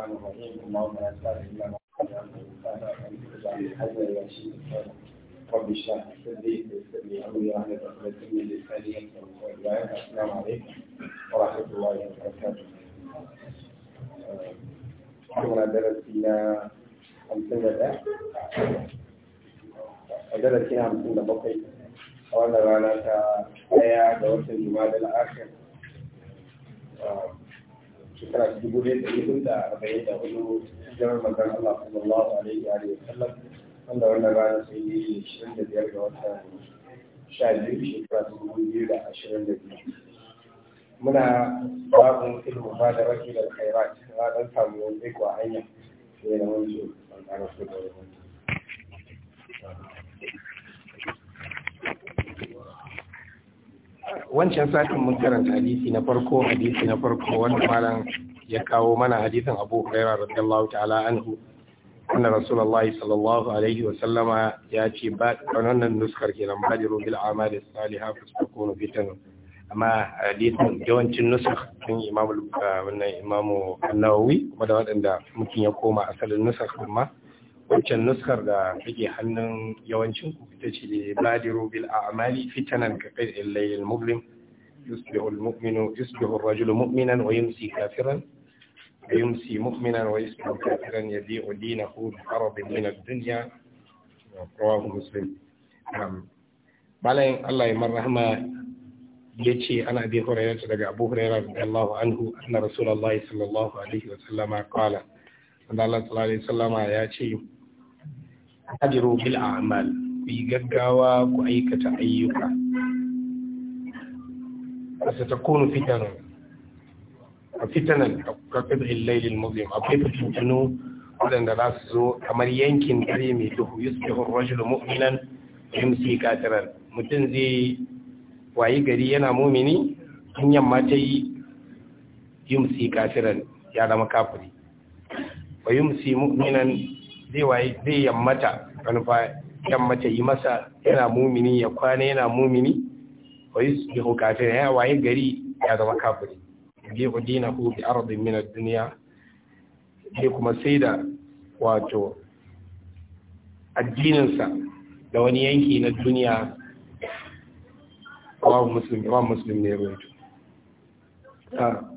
الرحمن الرحيم اللهم لا سهل الا ما رب اشرح لي صدري ويسر لي امري واحلل عقدة من لساني يفقهوا قولي السلام عليكم ورحمه الله وبركاته. حضرنا آه، درسنا 51 درسنا 57 a wannan rana ta daya ga watan juma'a da al'akar shekara ta dubu ɗaya da ɗari da arba'in da hudu hijirar manzon Allah sallallahu alaihi wa alihi wanda wannan rana sai yi da biyar ga wata sha biyu shekara ta dubu biyu da ashirin da biyu muna babu ilmu ba da rafi da khairat na dan samu wani hanya sai da wani so ban ƙara so wani wancan satin mun karanta hadisi na farko hadisi na farko wanda malam ya kawo mana hadisin Abu Hurairah radiyallahu ta'ala anhu anna Rasulullah sallallahu alaihi wa sallama ya ce ba wannan nuskar nan badiru bil amali fa fastakunu fitan amma hadisin yawancin nusar sun imamu ah, wannan imamu an-nawawi kuma da waɗanda mutun ya koma asalin nusar amma wancan nuskar da kake hannun yawancin ku ita ce badiru bil a'mali fitanan ka kai illayil muslim yusbihu al-mu'minu yusbihu ar-rajulu mu'minan wa yumsi kafiran wa yumsi mu'minan wa yusbihu kafiran yabi'u dinahu bi arabin min ad-dunya rawahu muslim balayin Allah ya marhama ya ce ana bi hurairata daga abu hurairah radiyallahu anhu anna rasulullahi sallallahu alaihi wa sallama qala Allah sallallahu alaihi wa sallama ya ce ajiru bil a'mal ku yi gaggawa ku aikata ayyuka asa ta kunu fitan a fitanan ka qadri al-layl a muzlim akwai fitinu wadanda za su zo kamar yankin dare mai duhu yusbihu ar-rajulu mu'minan yamsi kafiran mutum zai wayi gari yana mumini in yamma ta yi yumsi kafiran ya zama kafiri wa yumsi mu'minan zai waye zai yammata manufa yammata yi masa yana mumini ya kwana yana mumini wa yusbihu hukata ya waye gari ya zama kafiri bi ku bi ardin min ad-dunya sai kuma sai da wato addininsa da wani yanki na duniya wa muslim ne ruwaito ah.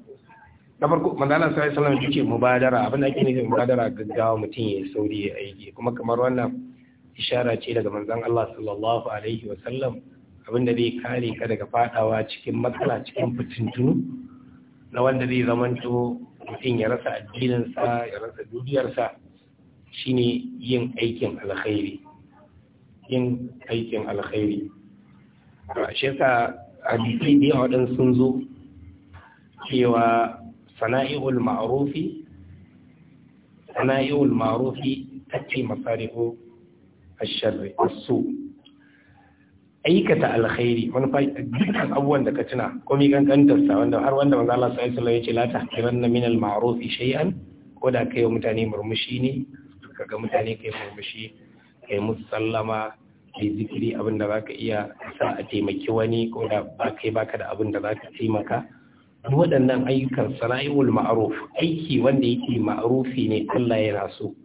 na farko manzana sai sallam yake mubadara abin da ake nufi mubadara gaggawa mutum ya sauri ya aiki kuma kamar wannan ishara ce daga manzan Allah sallallahu alaihi wa sallam abin da zai kare ka daga fadawa cikin matsala cikin fitintunu na wanda zai zamanto mutum ya rasa addininsa ya rasa sa shine yin aikin alkhairi yin aikin alkhairi shi yasa hadisi da sun zo cewa sana'i'ul ma'rufi sana'i'ul ma'rufi tace masarihu ash su aikata alkhairi wani fa dukkan abubuwan da ka tuna ko mi kankantar wanda har wanda manzo Allah sallallahu alaihi ya ce la kiran min al marufi shay'an ko da kai mutane murmushi ne ka ga mutane kai murmushi kai musu sallama kai zikiri abin zaka iya sa a taimaki wani ko da ba kai baka da abin da zaka taimaka waɗannan ayyukan sana'iul ma'ruf aiki wanda yake ma'rufi ne Allah yana so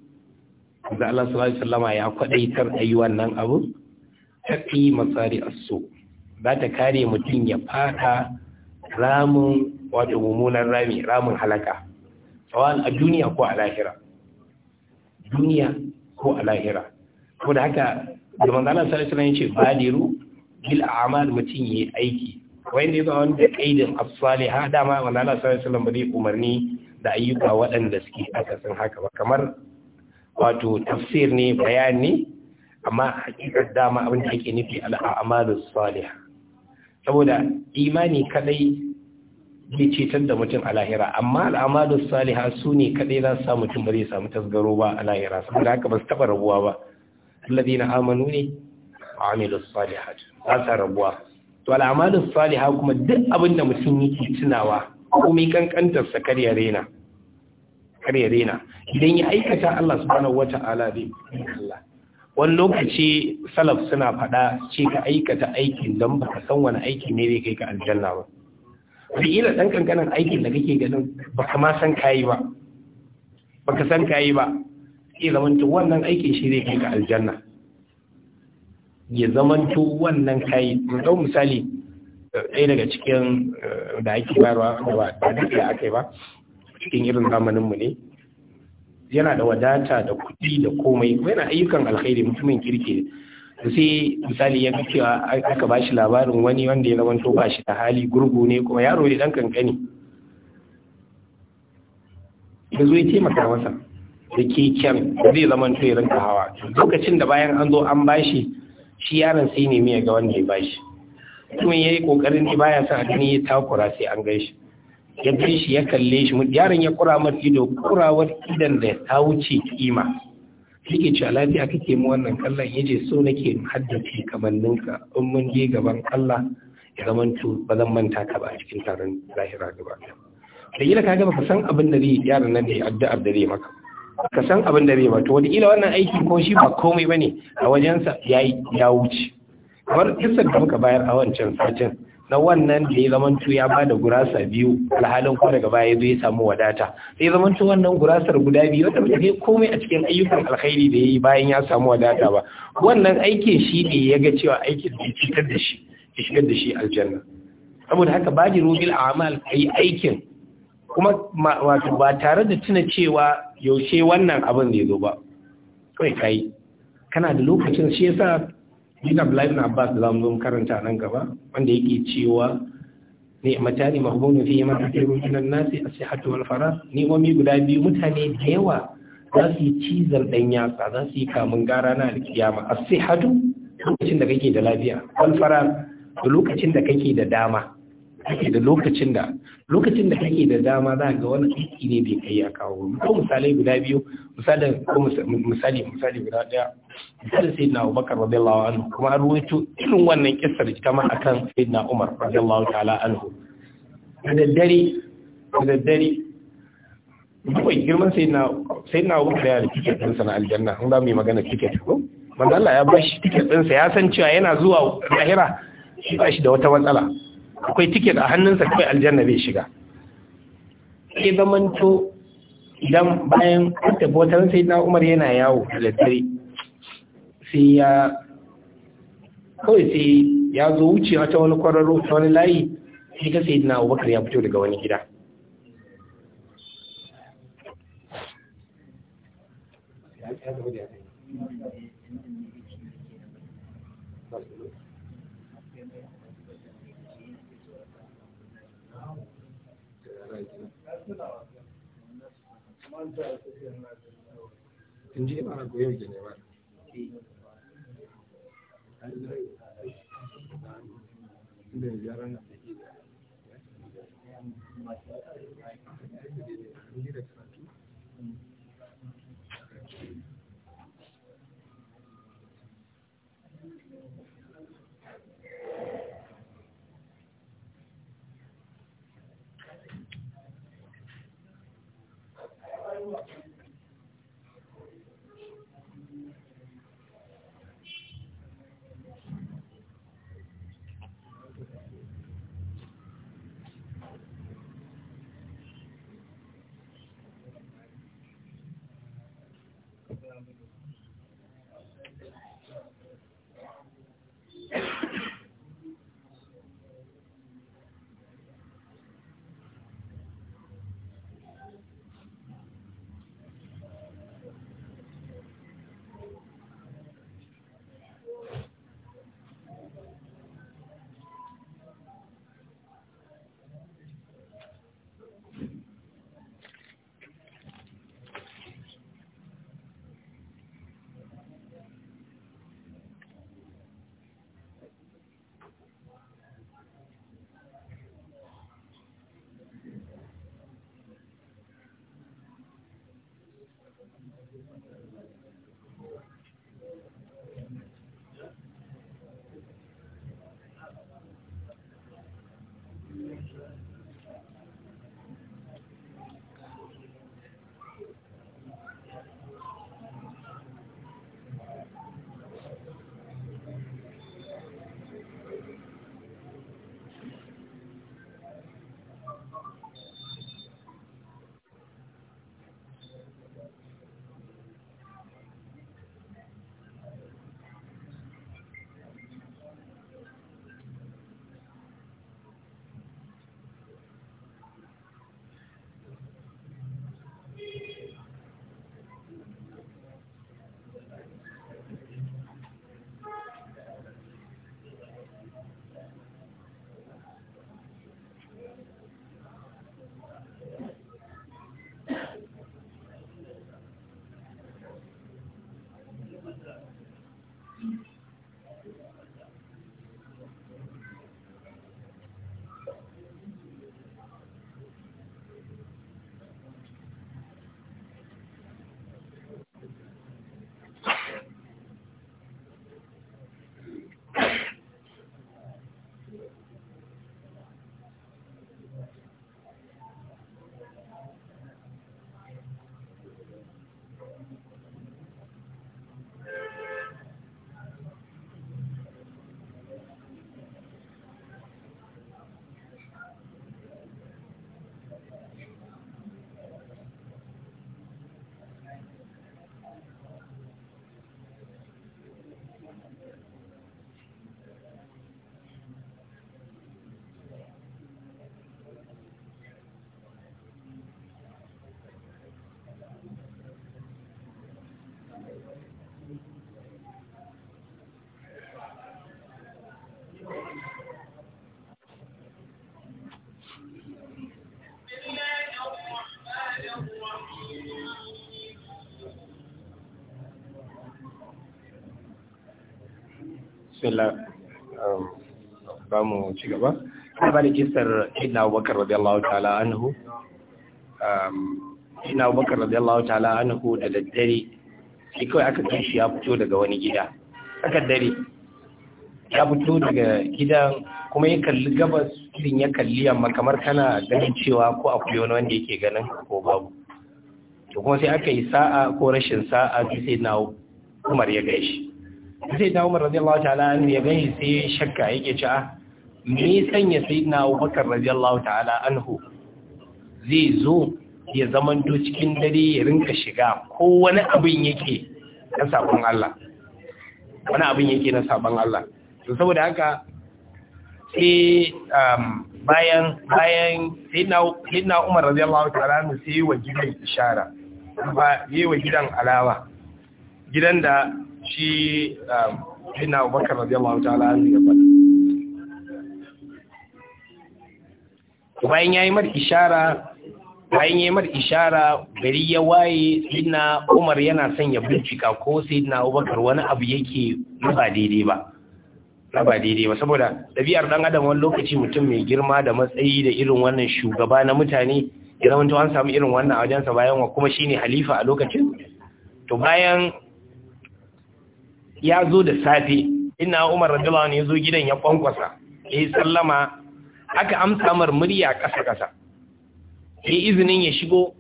da Allah sallallahu alaihi wasallama ya kwadaitar ayi wannan abu tafi masari asu za ta kare mutum ya fata ramin wato mummunan rami ramin halaka tsawon a duniya ko a lahira duniya ko a lahira ko da haka da manzana sallallahu alaihi wasallam yace badiru bil a'mal mutum yayi aiki wanda ya zama da kaidin as dama wannan Allah sallallahu alaihi wasallam ba zai umarni da ayyuka waɗanda suke akasin haka ba kamar wato tafsir ne bayani amma hakikar dama abin da ake nufi al'amalus salih saboda imani kadai bai cetar da mutum a lahira amma al'amalus salih su ne kadai za su sa mutum ba zai samu tasgaro ba a lahira saboda haka ba su taba rabuwa ba alladina amanu ne amilus salihat ba sa rabuwa to al'amalin saliha kuma duk abin da mutum yake tunawa komai kankantar sa kar ya rena kar ya rena idan ya aikata Allah subhanahu wata'ala bi Allah wani lokaci salaf suna fada ce ka aikata aikin don ba ka san wani aiki ne zai kai ka aljanna ba ila dan kankanin aikin da kake ganin ba ka ma san kayi ba ba ka san kayi ba sai zamanta wannan aikin shi zai kai ka aljanna ya zamanto wannan kayi ɗau misali ɗaya daga cikin eh, da ake bayarwa da ba da aka ba cikin irin zamaninmu ne yana da wadata da kuɗi da komai kuma yana ayyukan alkhairi mutumin kirki da sai misali ya cewa aka ba shi labarin wani wanda ya zamanto ba shi da hali gurgu ne kuma yaro ne ɗan kankani ya zo ya taimaka masa da keken zai zamanto ya rinka hawa lokacin da bayan an zo an bashi shi yaron sai nemi ya ga wanda ya bashi kuma ya yi kokarin ne baya sa gani ya takura sai an gaishe. ya bi shi ya kalle shi yaron ya kura masa ido kurawar idan da ta wuce kima yake cewa lafiya kake mu wannan kallon yaje so nake haddace kamanninka in mun je gaban Allah ya zamanto ba zan manta ka ba a cikin taron lahira gaba da yi da ka ba ka san abin da zai yaron nan da ya addu'ar da zai maka ka san abin da bai ba to wani ila wannan aiki ko shi ba komai ba ne a wajensa ya wuce kamar kisar da muka bayar a wancan satin na wannan da ya zamanto ya ba da gurasa biyu alhalin ko daga baya zai samu wadata sai zamanto wannan gurasar guda biyu wanda bai komai a cikin ayyukan alkhairi da ya yi bayan ya samu wadata ba wannan aikin shi ne ya ga cewa aikin da fitar da shi ya shigar da shi aljanna saboda haka baji rubil a'mal kai aikin kuma wato ba tare da tuna cewa yaushe wannan abin zai zo ba kai kai kana da lokacin shi yasa Ibn Abdullah ibn Abbas da zamu zo karanta nan gaba wanda yake cewa ne matani mahbunu fi ma kafiru min an-nasi as-sihhatu wal farah ni mi guda biyu mutane da yawa za su yi cizar dan yatsa za su yi kamun gara na alkiyama as-sihhatu lokacin da kake da lafiya wal farah lokacin da kake da dama ake da lokacin da lokacin da kake da dama za ga wani aiki ne bai kai ya kawo ko misalai guda biyu misalin ko misali misali guda daya misalin sai na Abubakar radiyallahu anhu kuma an ruwaito irin wannan kissar da ita ma akan na Umar radiyallahu ta'ala anhu da daddare da daddare kawai girman sayyidina sayyidina Abubakar ya da tiket din na aljanna an za mu yi magana tiket ko manzo Allah ya bashi tiket din sa ya san cewa yana zuwa lahira shi ba shi da wata matsala akwai tiket a hannunsa kawai aljanna bai shiga sai zamanto idan bayan tabbatar sai na umar yana yawo da daddare sai ya kawai sai ya zo wuce ta wani kwararo ta wani layi sai ga sai na abubakar ya fito daga wani gida you. in ji ina ko yau gine ba da gyaran bismillah ba um, mu ci gaba ba da kisar ina abubakar radiyallahu ta'ala anhu um, ina abubakar radiyallahu ta'ala anhu da daddare shi kawai aka kai shi ya fito daga wani gida aka dare ya fito daga gidan kuma ya kalli gabas irin ya kalli amma kamar kana ganin cewa ko akwai wani wanda yake ganin ko babu to kuma sai aka yi sa'a ko rashin sa'a sai na Umar ya gaishe sai da umar radiyallahu ta'ala an ya gani sai shakka yake ci a me sanya sai na bakar radiyallahu ta'ala anhu zai zo ya zamanto cikin dare ya rinka shiga ko wani abin yake na sabon Allah wani abin yake na sabon Allah to saboda haka sai um, bayan bayan sai na umar radiyallahu ta'ala anhu sai yi wa gidan ishara ba yi wa gidan alawa gidan da shi um, ina bakar radiyallahu ta'ala an ya faɗa bayan yayi mar ishara bayan yayi mar ishara gari ya waye ina Umar yana son ya bincika ko ina Abubakar wani abu yake ba daidai ba na ba daidai ba saboda ɗabi'ar ɗan adam wani lokaci mutum mai girma da matsayi da irin wannan shugaba na mutane ya zama an samu irin wannan a wajensa bayan wa kuma shine halifa a lokacin to bayan ya zo da safe ina umar radiyallahu anhu ya zo gidan ya kwankwasa ya sallama aka amsa mar murya ƙasa ƙasa ya izinin ya shigo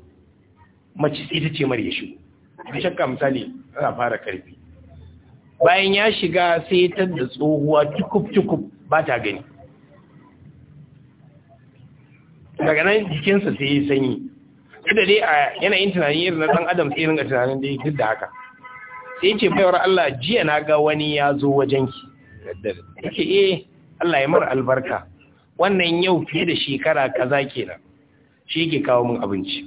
mace ta ce mar ya shigo da shakka misali ana fara karfi bayan ya shiga sai ta da tsohuwa tukub tukub ba ta gani daga nan jikinsa sai ya sanyi da dai a yanayin tunanin irin na ɗan adam sai ringa tunanin dai duk da haka sai ce baiwar Allah jiya na ga wani ya zo wajenki yake eh Allah ya mar albarka wannan yau fiye da shekara kaza kenan shi yake kawo min abinci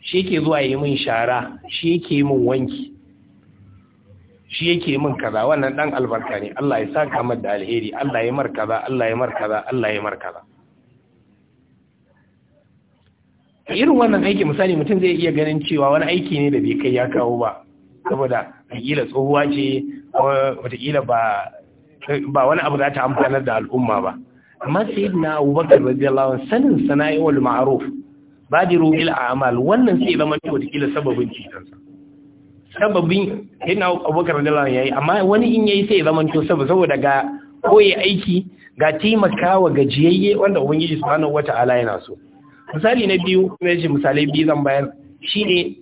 shi yake zuwa yi min shara shi yake min wanki shi yake min kaza wannan dan albarka ne Allah ya saka mar da alheri Allah ya mar kaza Allah ya mar kaza Allah ya mar kaza irin wannan aiki misali mutum zai iya ganin cewa wani aiki ne da bai kai ya kawo ba saboda wataƙila tsohuwa ce wataƙila ba wani abu za ta amfanar da al'umma ba amma sai na abubakar radiyallahu anhu sanin Ba da rubil a a'mal wannan sai zama to wataƙila sababin cutarsa sababin na abubakar radiyallahu ya yi. amma wani in yayi sai zama sabu saboda ga koyi aiki ga taimakawa gajiyayye wanda ubangiji subhanahu ala yana so misali na biyu na shi misalai biyu zan bayar ne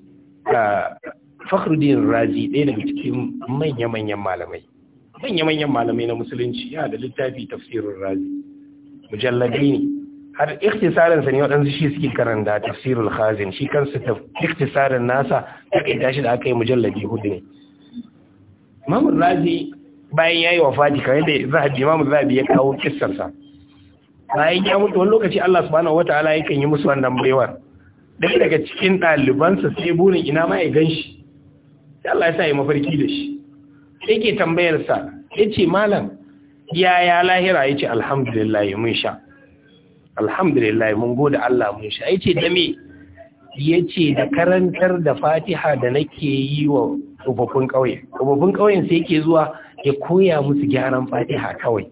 fakhruddin razi ɗaya daga cikin manya-manyan malamai manya-manyan malamai na musulunci ya da littafi tafsirin razi mujallabi ne har ikhtisarin sa ne waɗansu shi suke karanta tafsirul khazin shi kansa ikhtisarin nasa ta kaita shi da aka yi mujallabi hudu ne Imam Razi bayan yayi wafati kamar da Zahabi Imam Zahabi ya kawo kissar sa bayan ya mutu wani lokaci Allah subhanahu wataala yakan yi musu wannan baiwar dai daga cikin ɗalibansa sai burin ina ma ya ganshi Allah ya sa ya mafarki da shi yake tambayar sa yace malam Ya ya lahira yace alhamdulillah mun sha alhamdulillah mun gode Allah mun sha yace da me yace da karantar da Fatiha da nake yi wa tsofaffin kauye. tsofaffin kauyen sai yake zuwa ya koya musu gyaran Fatiha kawai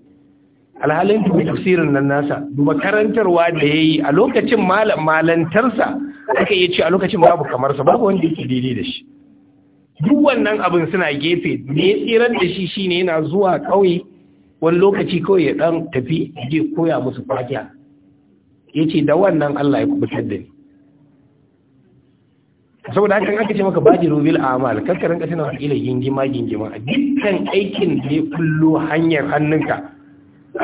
alhalin dubi tafsirin nan nasa duba karantarwa da yayi yi a lokacin malantarsa aka yace a lokacin babu kamar sa, babu wanda yake daidai da shi duk wannan abin suna gefe me ya tsirar da shi shine yana zuwa ƙauye wani lokaci kawai ya ɗan tafi je koya musu fatiha ya ce da wannan Allah ya kubutar da ni saboda hakan aka ce maka bajiru bil amal kankarin ka tana wakila gingima gingima dukkan aikin da ya kullo hanyar hannunka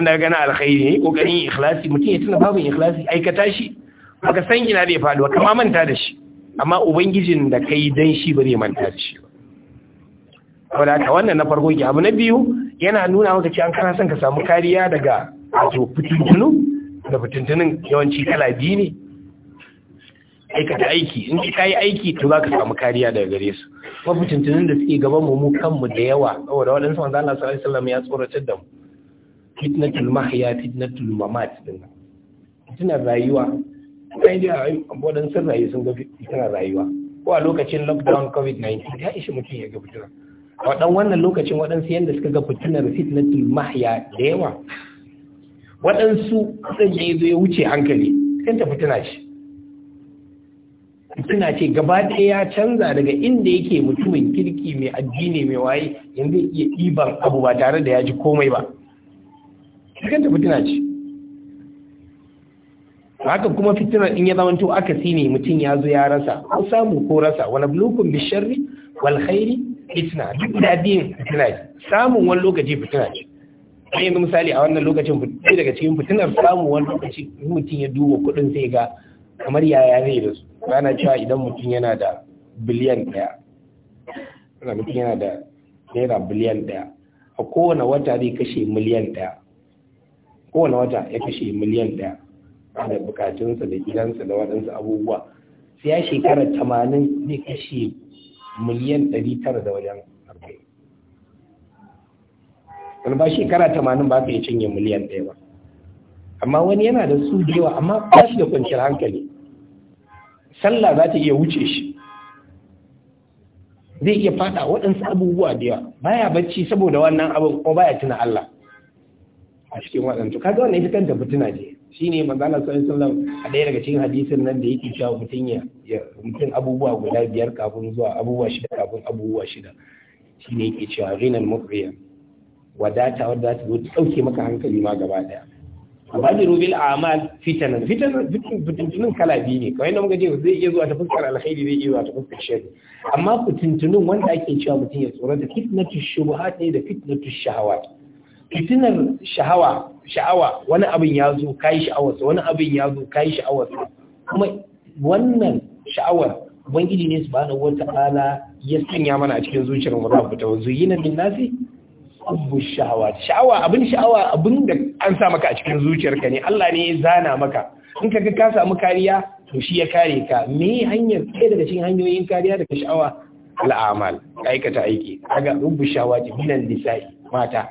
ana gana alkhairi ne kokarin ikhlasi mutum ya tana babu ikhlasi aikata shi baka san gina da ya faɗi ba kama manta da shi amma ubangijin da kai dan shi ba zai manta da shi ba saboda haka wannan na farko ke abu na biyu yana nuna maka an kana son ka samu kariya daga wato fitintunu da fitintunin yawanci kala biyu ne aikata aiki in ka yi aiki to za ka samu kariya daga gare su kuma fitintunin da suke gaban mu mu kanmu da yawa saboda waɗansu manzo Allah sallallahu alaihi wasallam ya tsoratar da mu fitnatul mahya fitnatul mamat din fitnar rayuwa kai da waɗansu rayu sun ga fitnar rayuwa ko a lokacin lockdown covid-19 ya ishi mutum ya ga fitnar a waɗan wannan lokacin waɗansu yadda suka ga fitinar na mahya da yawa waɗansu ɗin yi zo ya wuce hankali kan ta fitina ce fitina ce gaba ɗaya ya canza daga inda yake mutumin kirki mai addini mai waye yanzu iya ɗiban abu ba tare da ya ji komai ba kan ta fitina ce haka kuma fitinar in ya zama to aka ne mutum ya zo ya rasa ko samu ko rasa wani bulukun bisharri wal khairi fitna duk guda biyun ce samun wani lokaci fitina ce a yanzu misali a wannan lokacin fitina daga cikin fitinar samun wani lokaci mutum ya duba kuɗin sai ga kamar yaya zai da su rana cewa idan mutum yana da biliyan ɗaya ana mutum yana da naira biliyan ɗaya a kowane wata zai kashe miliyan ɗaya kowane wata ya kashe miliyan ɗaya da bukatunsa da gidansa da waɗansu abubuwa sai ya shekara tamanin zai kashe miliyan tara da wajen arba'in wani ba shekara tamanin ba ka yi cinye miliyan ɗaya ba amma wani yana da su da yawa amma ba shi da kwanciyar hankali sallah za ta iya wuce shi zai iya fada waɗansu abubuwa da yawa baya bacci saboda wannan abin ko baya tuna Allah a cikin waɗansu kaga wannan ita kanta fitina je. shine manzala sallallahu alaihi a ɗaya daga cikin hadisin nan da yake cewa mutum ya mutum abubuwa guda biyar kafin zuwa abubuwa shida kafin abubuwa shida shine yake cewa ghinan mutriya wadata wadda ta zo ta ɗauke maka hankali ma gaba daya da bil a'mal fitanan fitanan fitintunin kala biyu ne kawai da muka ce zai iya zuwa ta fuskar alkhairi zai iya zuwa ta fuskar shari amma fitintunin wanda ake cewa mutum ya tsorata fitnatu shubuhat ne da fitnatu shahawat fitinar sha'awa sha'awa wani abin ya zo kai sha'awarsa wani abin ya zo kai sha'awarsa kuma wannan sha'awar ubangiji ne subhanahu wata'ala ya sanya mana a cikin zuciyar mu za mu ta yinan min nasi abu sha'awa sha'awa abin sha'awa abin da an sa maka a cikin zuciyarka ne Allah ne ya zana maka in kaga ka samu kariya to shi ya kare ka me hanyar ɗaya daga cikin hanyoyin kariya daga sha'awa al'amal aikata aiki kaga rubu shawaji minan nisa'i mata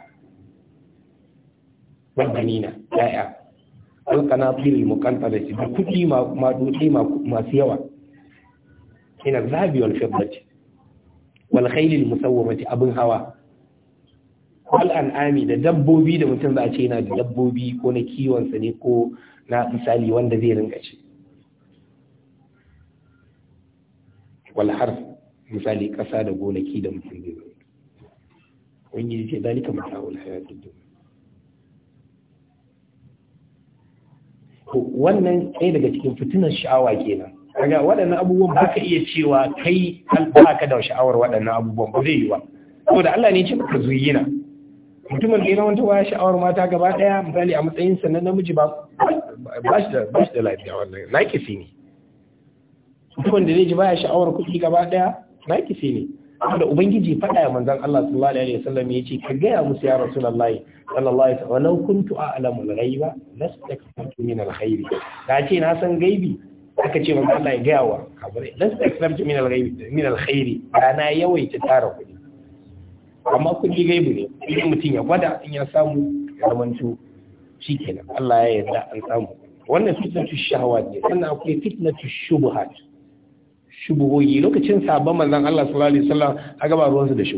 wal banina ya'ya wal qanatil mukanta da kudi ma masu yawa ina zabi wal fiddati wal khayl musawwamati abun hawa wal an'ami da dabbobi da mutum za a ce yana da dabbobi ko na kiwon sa ne ko na misali wanda zai rinka ci wal harf misali kasa da gonaki da mutum zai rinka wani ce dalika mutawul hayatid dunya to wannan ɗaya daga cikin fitinar sha'awa kenan kaga waɗannan abubuwan ba ka iya cewa kai ba ka da sha'awar waɗannan abubuwan ba zai yi ba saboda Allah ne ce ka zuyina mutumin da yana wanta waya sha'awar mata gaba daya misali a matsayin sa na namiji ba ba shi da ba shi da lafiya wannan nakisi ne mutumin da zai ji baya sha'awar kuɗi gaba daya kifi ne da ubangiji faɗa ya manzan Allah sallallahu alaihi wasallam ya ce ka gaya musu ya rasulullahi sallallahu alaihi wasallam law kuntu a'lamu al-ghaiba lastakfartu min al-khair da ce na san gaibi aka ce manzan Allah ya gaya wa kabare lastakfartu min al-ghaibi min al-khair da na yawaita tara kuɗi amma kuɗi gaibi ne idan mutum ya gwada in ya samu ya zamanto shikenan Allah ya yarda an samu wannan fitnatu shahawat ne sannan akwai fitnatu shubuhat shubuhoyi lokacin sabon manzan Allah sallallahu alaihi wasallam a gaba ruwansu da shi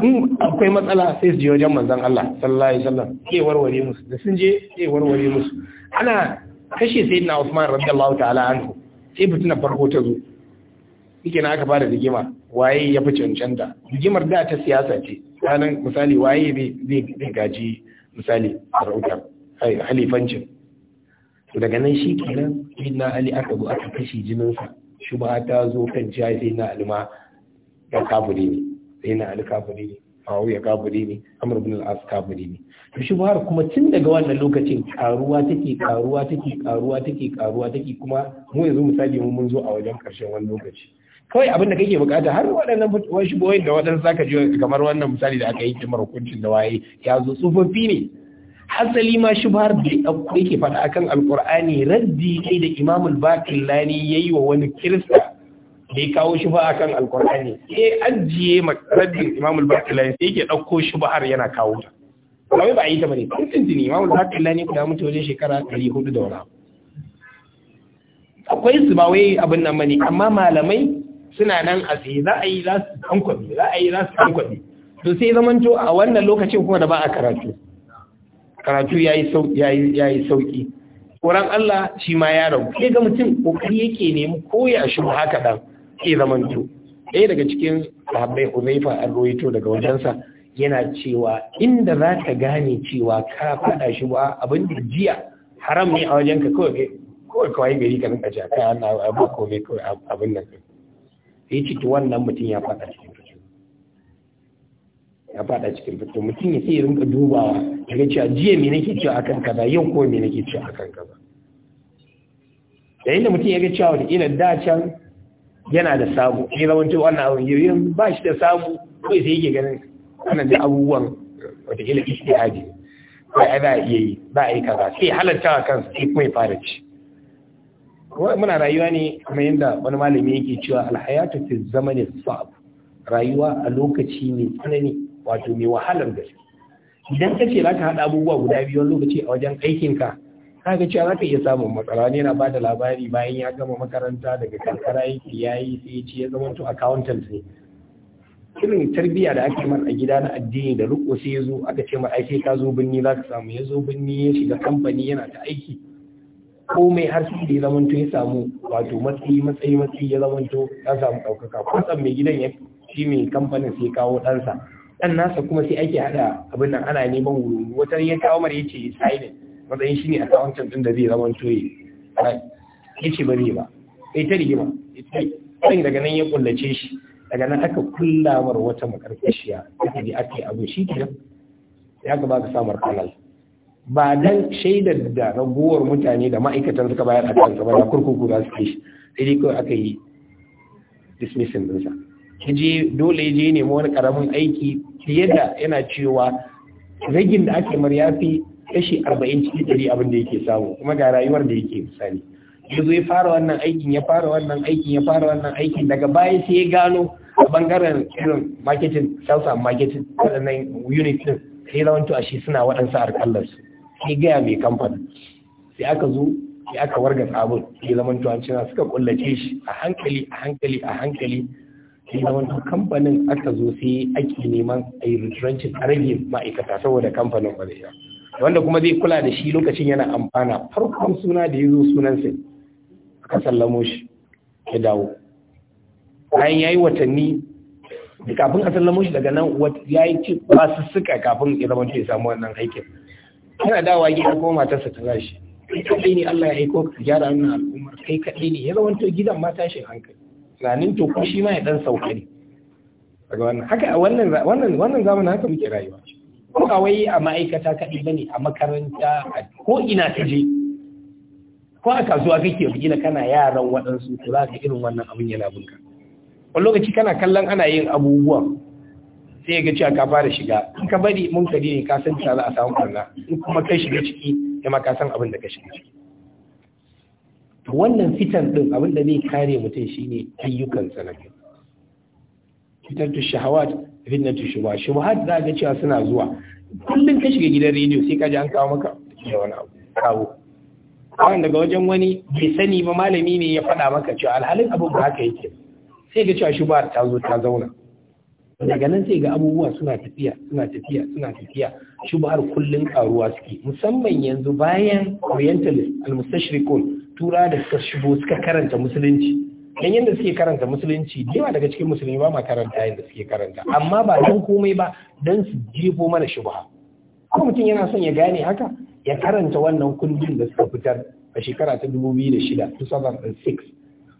in akwai matsala sai su je wajen manzan Allah sallallahu alaihi wasallam ke warware musu da sun je ke warware musu ana kashe na Usman radiyallahu ta'ala anhu sai fitina farko ta zo Ike na aka fara rigima waye ya fi cancanta rigimar da ta siyasa ce ranar misali waye zai gaji misali sarautar halifancin daga nan shi kenan na ali aka zo aka kashe jininsa shubha ta zo kan cewa sai na alima ya kafuri ne sai na ali kafuri ne ya kafuri ne Amr ibn al-As kafuri ne to har kuma tun daga wannan lokacin karuwa take karuwa take karuwa take karuwa take kuma mu yanzu misali mun mun zo a wajen karshen wannan lokaci kawai abin da kake bukata har waɗannan shi boyin da waɗansu zaka ji kamar wannan misali da aka yi kimar hukuncin da waye ya zo tsofaffi ne hasali ma shubhar da ɗauko yake faɗa akan alƙur'ani raddi ne da imam al ya yi wa wani kirista da ya kawo shubha akan alƙur'ani sai ajiye raddin imam al lani sai yake ɗauko shubhar yana kawo ta kawai ba a yi ta bane tun ne imam al lani kuma mutu wajen shekara hudu da wani akwai su ba wai abin nan bane amma malamai suna nan a tsaye za a yi za su ɗan kwabi za a yi za su ɗan kwabi to sai zamanto a wannan lokacin kuma da ba a karatu karatu yayi sauki yayi sauki tsoron Allah shi ma ya rabu sai ga mutum kokari yake nemi koya shi haka dan sai to ɗaya daga cikin sahabbai Uzaifa an roito daga wajensa yana cewa inda za ka gane cewa ka faɗa shi ba abin da jiya haram ne a wajenka kawai kawai kawai gari ka rinka ja kai ana abu komai kawai abin nan sai ciki wannan mutum ya faɗa shi ya fada cikin fito mutum ya sai rinka dubawa ga cewa jiya me nake cewa akan kaza yau kuma me nake cewa akan kaza yayin da mutum ya ga cewa wani ina da can yana da samu ya zama cewa wannan abin yin ba shi da samu kawai sai yake ganin wannan da abubuwan wata iske aji ko ai za a iya yi za a yi kaza sai halarta a kansa sai kuma ya fara ci muna rayuwa ne kamar yadda wani malami yake cewa alhayatu fi zamanin sa'ab rayuwa a lokaci mai tsanani wato mai wahalar gaske idan ka ce za ka haɗa abubuwa guda biyu lokaci a wajen aikinka ka ga cewa za ka iya samun matsala ne yana ba da labari bayan ya gama makaranta daga karkara yake ya yi sai ya ce ya zama to accountant ne irin tarbiyya da ake mar a gida na addini da riko sai ya zo aka ce mar ka zo binni za ka samu ya zo binni ya shiga kamfani yana ta aiki komai har sai da ya to ya samu wato matsayi matsayi matsayi ya zamanto ya samu ɗaukaka kwatsam mai gidan ya shi mai kamfanin sai kawo ɗansa dan nasa kuma sai ake hada abin nan ana neman wurin wata ya kawo mara yace silent matsayin shine a kawancan din da zai zama toye yace ba zai ba sai ta rigima sai daga nan ya kullace shi daga nan aka kulla kullamar wata makarkashiya aka je aka yi abu shi ke ya ba ka samar halal ba dan shaidar da ragowar mutane da ma'aikatan suka bayar a kansa ba da kurkuku za su shi sai dai kawai aka yi dismissing dinsa ya je dole ya je nemi wani karamin aiki fiye da yana cewa ragin da ake mar yafi kashi arba'in cikin ɗari abin da yake samu kuma ga rayuwar da yake misali yanzu ya fara wannan aikin ya fara wannan aikin ya fara wannan aikin daga baya sai ya gano a bangaren irin marketing sales and marketing waɗannan unit din sai zamanto a shi suna waɗansu arkallar su sai gaya mai kamfani sai aka zo sai aka warga sabon sai zamanto an suka kullace shi a hankali a hankali a hankali sai wani kamfanin aka zo sai ake neman a yi rancin a rage ma'aikata saboda kamfanin ba zai wanda kuma zai kula da shi lokacin yana amfana farkon suna da ya zo sunansa aka sallamo shi ya dawo bayan ya yi watanni da kafin a sallamo shi daga nan ya yi ci ba su suka kafin ya zama ya samu wannan aikin yana dawa ya kuma matarsa ta za shi kai kaɗai ne Allah ya aiko ka gyara wannan al'ummar kai kaɗai ne ya zama gidan mata shi hankali tunanin to ko shi ma ya dan sauka ne daga wannan haka wannan wannan wannan zamanin haka muke rayuwa ko a wai a ma'aikata kaɗai ne a makaranta ko ina ta je ko a kasuwa kake na kana yaran waɗansu to za ka irin wannan abin yana bunka wani lokaci kana kallon ana yin abubuwa sai ga cewa ka fara shiga in ka bari mun kadi ne ka san za a samu barna in kuma kai shiga ciki ya ma ka san abin da ka shiga ciki wannan fitan din abin da zai kare mutum shine ayyukan sanadi tu shahawat tu shubha shubhat za ga cewa suna zuwa kullum ka shiga gidan rediyo sai ka ji an kawo maka ya wani abu kawo kawai daga wajen wani bai sani ba malami ne ya faɗa maka cewa alhalin abin ba haka yake sai ga cewa shubhar ta zo ta zauna daga nan sai ga abubuwa suna tafiya suna tafiya suna tafiya shubhar kullum karuwa suke musamman yanzu bayan orientalist al mustashrikun tura da suka shigo suka karanta musulunci dan yadda suke karanta musulunci da daga cikin musulmi ba ma karanta yadda suke karanta amma ba don komai ba don su jefo mana shubha ko mutum yana son ya gane haka ya karanta wannan kundin da suka fitar a shekara ta 2006 2006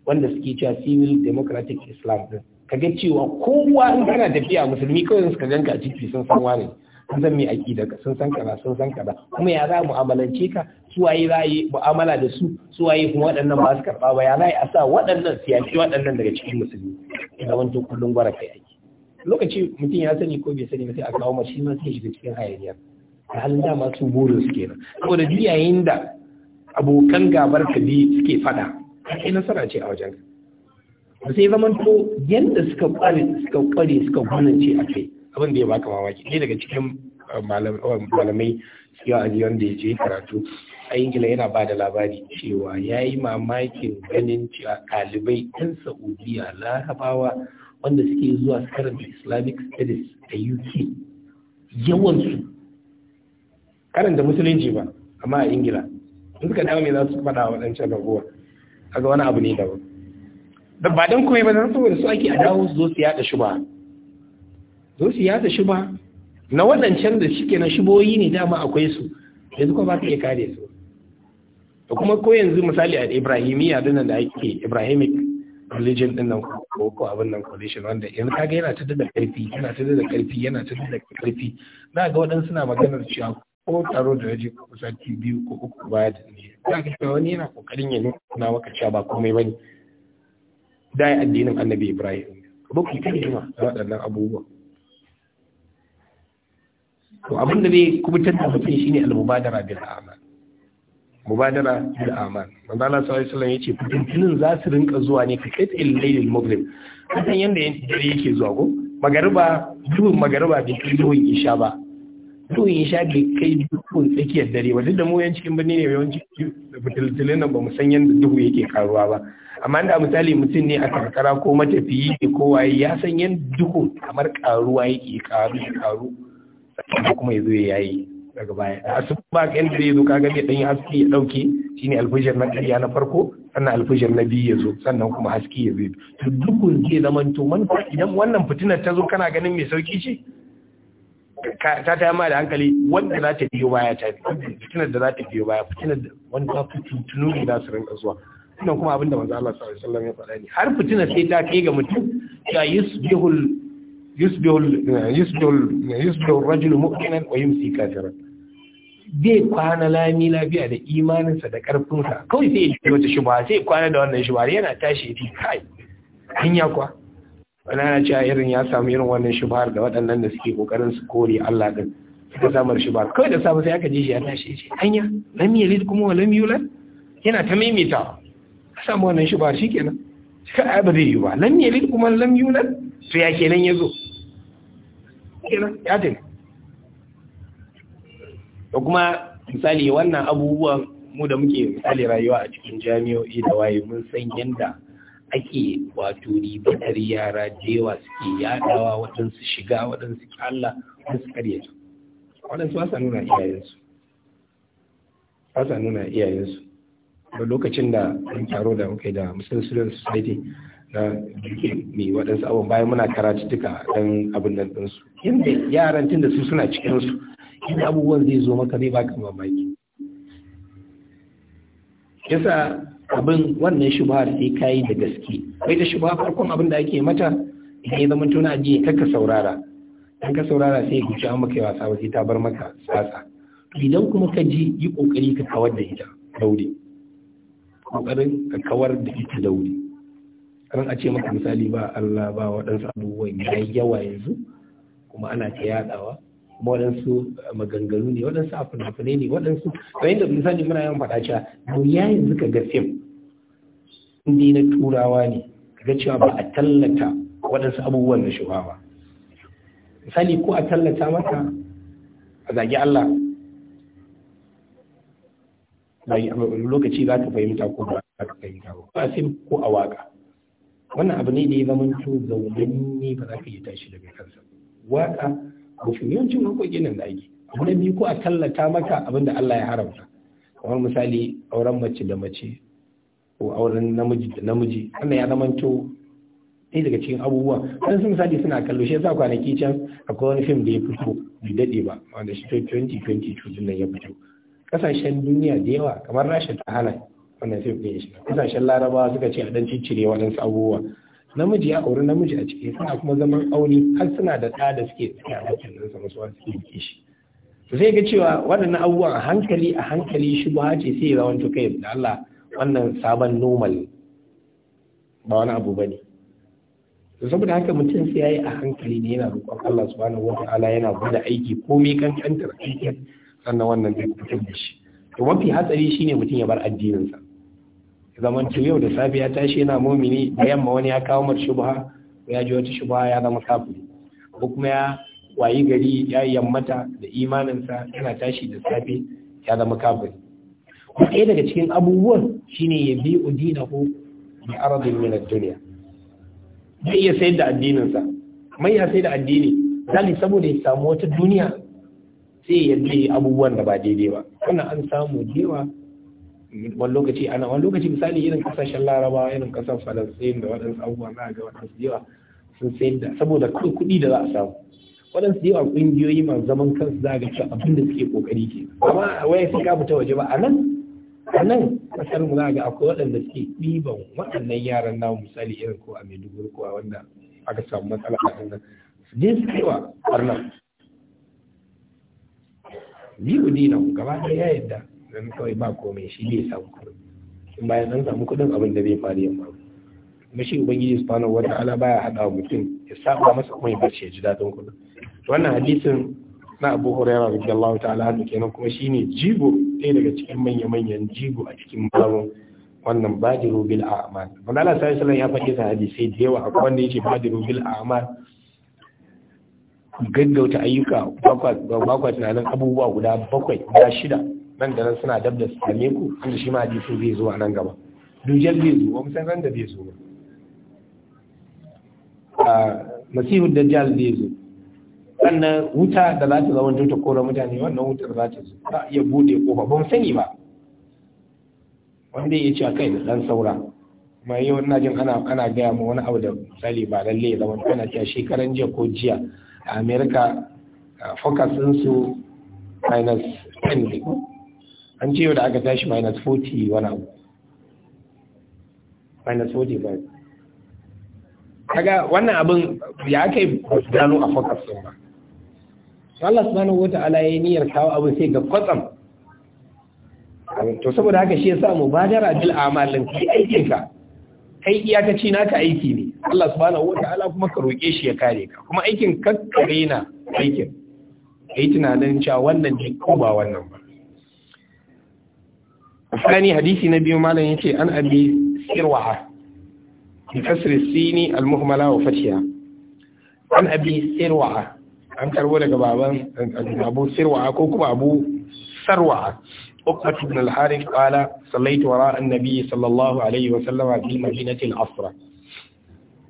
wanda suke cewa civil democratic islam ka ga cewa kowa in kana tafiya musulmi kawai suka ganka a ciki sun san wani sun san me aiki daga sun san kaza sun san kaza kuma ya za mu amalance ka suwaye za yi mu'amala da su suwaye kuma waɗannan ba su karɓa ba ya za a sa waɗannan siyasi waɗannan daga cikin musulmi A wanto kullum gwara kai aiki. lokaci mutum ya sani ko bai sani ba sai a kawo mashi ma sai shiga cikin hayaniyar a halin dama su burin su kenan saboda duk da abokan gabar ka bi suke fada kai nasara ce a wajen ka. sai zamanto to yadda suka kware suka kware suka gwanance a kai abin da ya baka mamaki ne daga cikin eh, eh, malamai siya aji wanda ya je karatu a ingila yana ba da labari cewa ya yi mamakin ganin cewa ɗalibai ɗan saudiya larabawa wanda suke zuwa su karanta islamic studies a uk yawansu karanta musulunci ba amma a ingila in suka dama mai za su faɗa waɗancan raguwa ga wani abu ne daban da ba don kuma yi ba saboda su ake a dawo su zo su yaɗa shi ba don ya ta shuba na waɗancan da suke na shuboyi ne dama akwai su yanzu kuma ba su iya kare su da kuma ko yanzu misali a ibrahimiyya nan da ake ibrahimic religion nan ko ko abin nan coalition wanda yanzu ga yana ta da karfi yana ta da karfi yana ta da karfi za ga waɗansu suna maganar cewa ko taro da yaji ko sati biyu ko uku baya da ne za ka cewa wani yana kokarin ya nuna maka cewa ba komai bane da addinin annabi ibrahim ba ku ta hikima da waɗannan abubuwa. to abin da zai kubutar da mutum shine al-mubadara bil a'mal mubadara bil a'mal manzo Allah sallallahu alaihi wasallam yace fitintunin za su rinka zuwa ne fi qit'il lailil mughrib kan yanda dare yake zuwa ko magariba duhun magariba bai kai duhun isha ba duhun isha bai kai duhun tsakiyar dare ba da mu yan cikin birni ne yawanci fitiltilin nan ba mu san yanda duhu yake karuwa ba amma da misali mutum ne a karkara ko matafiyi ko waye ya san yanda duhu kamar karuwa yake karu karu ko kuma ya zo ya yayi daga baya da su ba ka yanda zai zo kaga zai dan haske ya dauke shine alfijir na ƙarya na farko sannan alfijir na biyu ya zo sannan kuma haske ya zo to dukun zai zaman to man idan wannan fitinar ta zo kana ganin mai sauki ce ta ta ma da hankali wanda za ta biyo baya ta fitinar da za ta biyo baya fitinar da wani ta fitinu ne za su rinka zuwa sannan kuma abinda manzo Allah sallallahu alaihi wasallam ya faɗa ne har fitinar sai ta kai ga mutum ya yusbihul yusbihul rajulu mu'minan wa yumsi kafiran zai kwana lami lafiya da imaninsa da ƙarfinsa. kawai sai ya ce wata shubha sai kwana da wannan shubha yana tashi ya ce kai hanya kwa wani ana cewa irin ya samu irin wannan shubar da waɗannan da suke kokarin su kore Allah din suka samu shubhar kawai da safe sai aka ji shi ya tashi ya ce hanya lam yalid kuma wa lam yulad yana ta maimaitawa ka samu wannan shubar shikenan shi ka ba zai yi ba lam yalid kuma lam yulad to ya kenan ya zo ya kuma misali wannan abubuwan mu da muke misali rayuwa a cikin jami'o'i da waye mun san yadda ake wato ribatar yara jewa suke yadawa waɗansu shiga waɗansu Allah su karyata waɗansu ba sa nuna iyayensu ba sa nuna iyayensu da lokacin da an taro da muka da musulun society na jikin mai waɗansu abubuwan bayan muna karatu duka ɗan abin nan ɗinsu inda yaran tun da su suna cikinsu inda abubuwan zai zo maka zai baka mamaki yasa abin wannan shubhar sai ka yi da gaske kai da shubha farkon abin da ake mata idan ya zama tuna ajiye kakka ka saurara in ka saurara sai ya guci an maka wasa ba sai ta bar maka tsatsa idan kuma ka ji yi kokari ka kawar da ita kokarin ka kawar da ita ran a ce maka misali ba Allah ba waɗansu abubuwan ya yi yawa yanzu kuma ana ta yaɗawa kuma waɗansu maganganu ne waɗansu afunafunai ne waɗansu kamar da misali muna yawan faɗa cewa ya yanzu ka ga fim inda na turawa ne ka ga cewa ba a tallata waɗansu abubuwan na shuwa ba misali ko a tallata maka a zagi Allah lokaci za ka fahimta ko ba za ka fahimta ba a fim ko a waka wannan abu ne da ya zama to zaunanni ba za ka yi tashi daga kansa waka mafi yawancin nan da ake abu na biyu ko a tallata maka abin da Allah ya haramta kamar misali auren mace da mace ko auren namiji da namiji wannan ya zama to ɗaya daga cikin abubuwa wani sun misali suna kallo shi yasa kwanaki can akwai wani fim da ya fito bai daɗe ba wanda shi 2022 nan ya fito ƙasashen duniya da yawa kamar rasha ta hana wannan sai ku yi shi kasashen larabawa suka ce a dan ciccire wannan abubuwa namiji ya auri namiji a ciki suna kuma zaman aure har suna da ɗa da suke tsaya a nan sama suwa suke yi shi sai ga cewa waɗannan abubuwan a hankali a hankali shi ba ce sai ya zama to kai da Allah wannan sabon normal ba wani abu bane saboda haka mutum sai yayi a hankali ne yana roƙon Allah subhanahu wataala yana buɗe aiki ko komai kankantar aikin sannan wannan zai fitar shi to mafi hatsari shine mutum ya bar addininsa zaman to yau da safe ya tashi yana mumini da yamma wani ya kawo mar shubha ya ji wata shubha ya zama kafiri ko kuma ya wayi gari ya yammata da imaninsa yana tashi da safe ya zama kafiri ko ɗaya daga cikin abubuwan shine ya bi udinahu bi aradin min ad-dunya zai iya sayar da addininsa mai ya sayar da addini zali saboda ya samu wata duniya sai ya bi abubuwan da ba daidai ba kuma an samu dewa wani lokaci ana wani lokaci misali irin kasashen larabawa irin kasar falastin da waɗansu abubuwa za a ga waɗansu yawa sun sayar da saboda kan kuɗi da za a samu waɗansu yawa ƙungiyoyi masu zaman kansu za a ga cewa abin da suke ƙoƙari ke amma waya sun ka fita waje ba a nan a nan kasar mu za a ga akwai waɗanda suke ɗiban waɗannan yaran namu misali irin ko a maiduguri ko a wanda aka samu matsala a nan su je su kaiwa ɓarnar biyu dinan gaba ɗaya ya yadda nan kawai ba komai shi bai samu kuɗin bayan an samu kuɗin abin da zai faru yamma kuma shi ubangiji subhanahu wata'ala baya hada wa mutum ya saba masa kuma ya bar shi ya ji dadin kuɗin wannan hadisin na Abu Hurairah radiyallahu ta'ala anhu kenan kuma shine jigo ɗaya daga cikin manya-manyan jigo a cikin babun wannan badiru bil a'mal wanda Allah sai sallan ya faɗi sa hadisi da yawa akwai wanda yake badiru bil a'mal gaggauta ayyuka bakwai bakwai tunanin abubuwa guda bakwai guda shida nan da nan suna dab da same ku inda shi ma hadisin zai zo a nan gaba dujjal zai zo ba san ran da zai zo ba masihu dajjal zai zo sannan wuta da za ta zama ta kora mutane wannan wutar za ta zo za a iya bude kofa ba mu sani ba wanda ya ce a kai da dan saura kuma yi wani jin ana ana gaya ma wani abu da misali ba lalle ya zama kana cewa shekaran jiya ko jiya a america focus din su minus 10 an ce yau da aka tashi minus 40 wani abu minus 45 kaga wannan abin ya kai gano a focus ba. ba Allah subhanahu wata'ala ya niyyar kawo abin sai ga kwatsam to saboda haka shi ya sa mu ba mubadara dil amalin kai aikin ka kai iyakaci naka aiki ne Allah subhanahu ta'ala kuma ka roke shi ya kare ka kuma aikin kakkare na aikin kai tunanin cewa wannan ne ko ba wannan ba الثاني حديث نبي مالا يتي أن أبي سروعة بكسر السين المهملة وفتحها أن أبي سروعة أن تروى لك بابا أبو سروعة كوكو أبو سروعة أقبة بن الحارث قال صليت وراء النبي صلى الله عليه وسلم في مدينة العصرة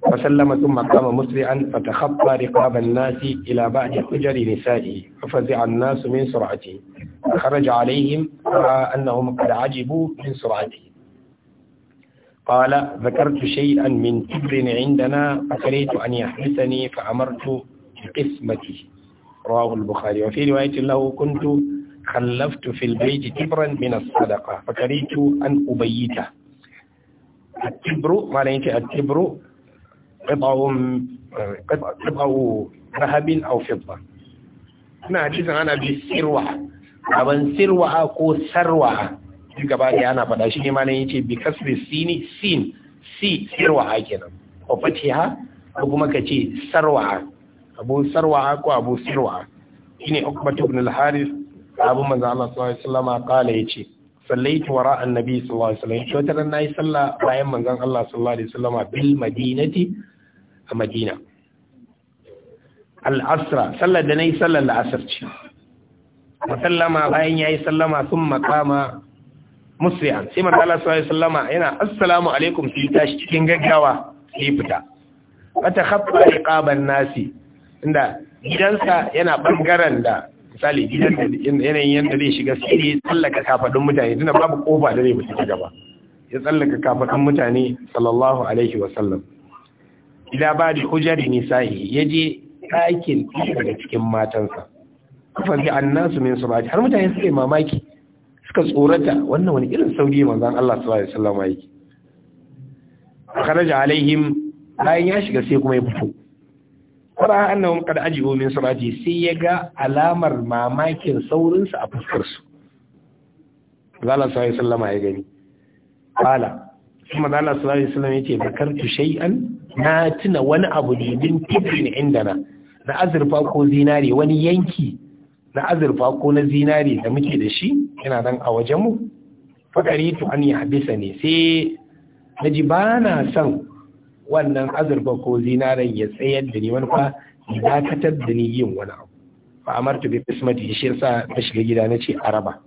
فسلم ثم قام مسرعا فتخطى رقاب الناس إلى بعد حجر نسائه ففزع الناس من سرعته فخرج عليهم رأى أنهم قد عجبوا من سرعته قال ذكرت شيئا من إبر عندنا فكرهت أن يحبسني فأمرت بقسمته رواه البخاري وفي رواية له كنت خلفت في البيت تبرا من الصدقة فكرهت أن أبيته التبر ما التبر ƙaɓa'u rahabin aufibba suna hadisin ana bi sirwa abin sirwa ko sarwa duk gaba da ana faɗa shi ne ce bikas bi sini sin si sirwa kenan ko fatiha ko kuma ka ce sarwa abu sarwa ko abu sirwa shine ukbatu ibn al-harith abu manzo Allah sallallahu alaihi wasallam kala yace sallaitu wara annabi sallallahu alaihi wasallam to tare nayi sallah bayan manzon Allah sallallahu alaihi wasallam bil madinati a madina al'asra sallar da na yi sallar la'asar ce sallama bayan ya yi sallama sun makama musri'an sai matala sallallahu sallama yana assalamu alaikum sai tashi cikin gaggawa sai fita wata haɓɓa riƙaban nasi inda gidansa yana ɓangaren da misali gidan da yanayin yadda zai shiga sai ya tsallaka kafaɗin mutane tunda babu ƙofa da zai mutu gaba ya tsallaka kafaɗin mutane sallallahu alaihi wasallam ila ba da hujjar nisa'i ya je ɗakin daga cikin matansa kafar da annasu min sumati har mutane suka yi mamaki suka tsorata wannan wani irin sauri manzon Allah sallallahu alaihi wasallam yake akhraja alaihim bayan ya shiga sai kuma ya fito fara annahum qad ajibu min sumati sai ya ga alamar mamakin saurin su a fuskar su Allah sallallahu alaihi wasallam ya gani qala kuma Allah sallallahu alaihi wasallam yace bakartu shay'an na tuna wani abu ne din tibin indana na azurfa ko zinare wani yanki na azurfa ko na zinare da muke da shi yana nan a wajenmu fakari to an yi habisa ne sai na ji ba na son wannan azurfa ko zinaren ya tsayar da ni wani fa dakatar da ni yin wani abu fa amartu bi qismati shi yasa na shiga gida na ce araba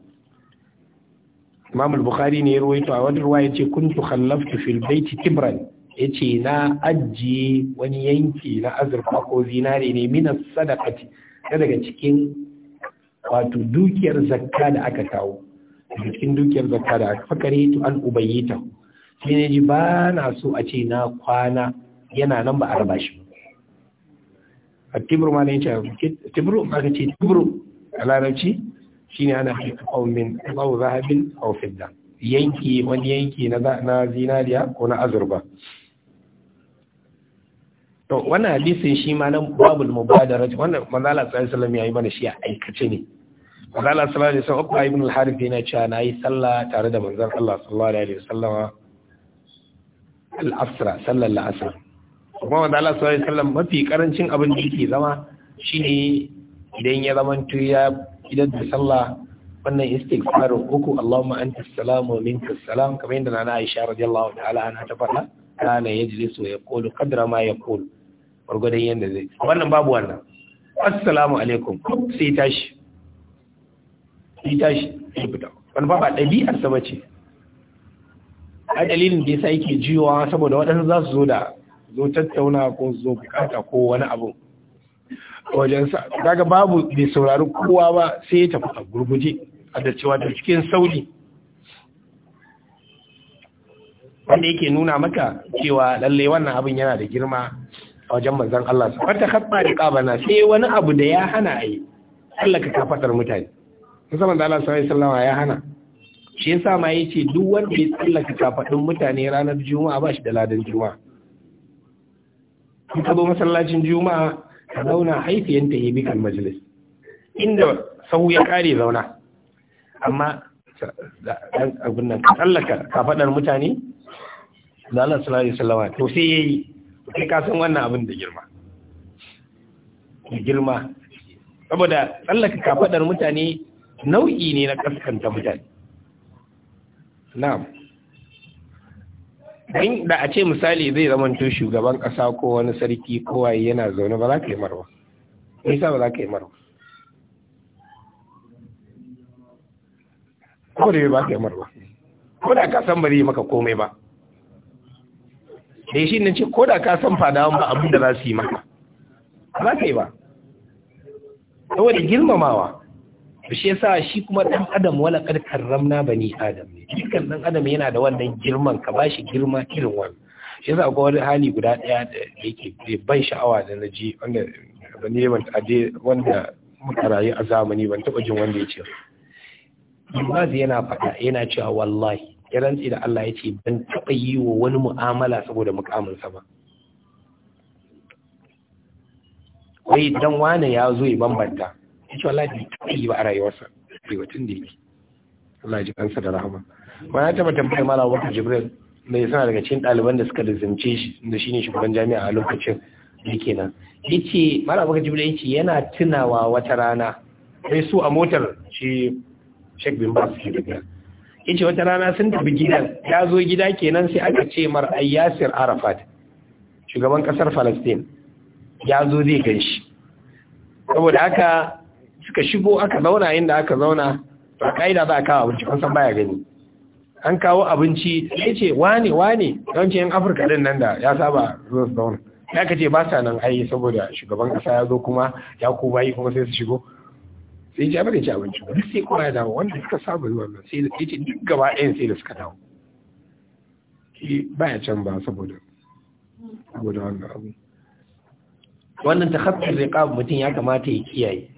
imam al-bukhari ne ya ta, a wani ruwaya ce kuntu khallaftu fil baiti tibran ya ce na ajiye wani yanki na azurfa ko zinare ne minas sadakati ta daga cikin wato dukiyar zakka da aka kawo daga cikin dukiyar zakka da aka fakare tu an ubayyita sai ne ji ba na so a ce na kwana yana nan ba a raba shi a tibur ma ne ce tibur ma ka ce tibur a larabci shine ana haifin kaumin kawo zahabin kawo fidda yanki wani yanki na zinariya ko na azurba to wannan hadisin shi ma nan babul mubadara wannan manzo sallallahu alaihi wasallam yayi mana shi a aikace ne manzo Allah sallallahu alaihi wasallam Abu ibn al-Harith yana cewa nayi sallah tare da manzon Allah sallallahu alaihi wasallam al-asra sallar al-asr kuma manzo sallallahu alaihi wasallam mafi karancin abin da yake zama shine idan ya zama ya idan da sallah wannan uku Allahumma anta as-salam wa minka as-salam kamar yadda nana Aisha radiyallahu ta'ala anha ta faɗa kana yajlisu yaqulu qadra ma yaqulu gwargwadon yadda zai wannan babu wannan assalamu alaikum sai tashi sai tashi sai fita wani ba ba ɗabi'ar sa bace a dalilin da yasa yake jiwa saboda waɗansu za su zo da zo tattauna ko zo bukata ko wani abu Wajen sa, daga babu bai saurari kowa ba sai ya tafi a gurguje a da cewa da cikin sauri wanda yake nuna maka cewa lallai wannan abin yana da girma a wajen manzan Allah su wata kafa na. sai wani abu da ya hana a yi Allah ka kafatar mutane kusa da Allah sallallahu sallama ya hana shi yasa ma ya ce duk wanda ya tsallaka kafaɗin mutane ranar juma'a ba shi da ladan juma'a ka zo masallacin juma'a ka zauna haifiyan ta yi majalis inda sahu ya kare zauna amma abin nan ka tsallaka kafaɗar mutane da Allah sallallahu alaihi wasallam to sai yayi kai ka san wannan abin da girma da girma saboda tsallaka kafadar mutane nau'i ne na kaskanta mutane na'am dan da a ce misali zai zamanto shugaban kasa ko wani sarki ko waye yana zaune ba za ka yi marwa nisa ba za ka yi marwa ko da ba ka yi marwa ko da ka san ba zai maka komai ba da shi na ce ko da ka san fadawan ba abin da za su yi maka ba ka yi ba saboda girmamawa to shi yasa shi kuma dan adam wala kad karramna bani adam ne dukkan dan adam yana da wannan girman ka bashi girma irin wannan shi yasa akwai wani hali guda daya da yake ban sha'awa da na ji wanda ban ne ban aje wanda muka rayu a zamani ban taba jin wanda ya ce Ibn yana faɗa yana cewa wallahi ya rantsi da Allah ya ce ban taɓa yi wa wani mu'amala saboda mukaminsa ba wai dan wane ya zo ya bambanta ya ce wala da taɓa yi ba a rayuwarsa riwatin da yake Allah ya ji kansa da rahama ba ya taɓa tambayar mala wata jibril da ya sana daga cikin ɗaliban da suka rizimce shi da shi ne shugaban jami'a a lokacin da Ya ce mala wata jibril ce yana tunawa wata rana sai su a motar shi Sheikh bin Bas ke daga yace wata rana sun tafi gidan ya zo gida kenan sai aka ce mar ayyasir arafat shugaban kasar falastin ya zo zai gan shi saboda haka suka shigo aka zauna inda aka zauna to ka'ida za a kawo abinci kun san baya gani an kawo abinci ya ce wane wane yawanci yan afirka din nan da ya saba zuwa zauna ya ka ce ba sa nan ai saboda shugaban kasa ya zo kuma ya ku bayi kuma sai su shigo sai ja abin da ci abinci ba duk sai kuma ya dawo wanda suka saba zuwa nan sai da ce duk gaba ɗayan sai da suka dawo ba baya can ba saboda saboda wannan abu wannan ta haƙƙin riƙa mutum ya kamata ya kiyaye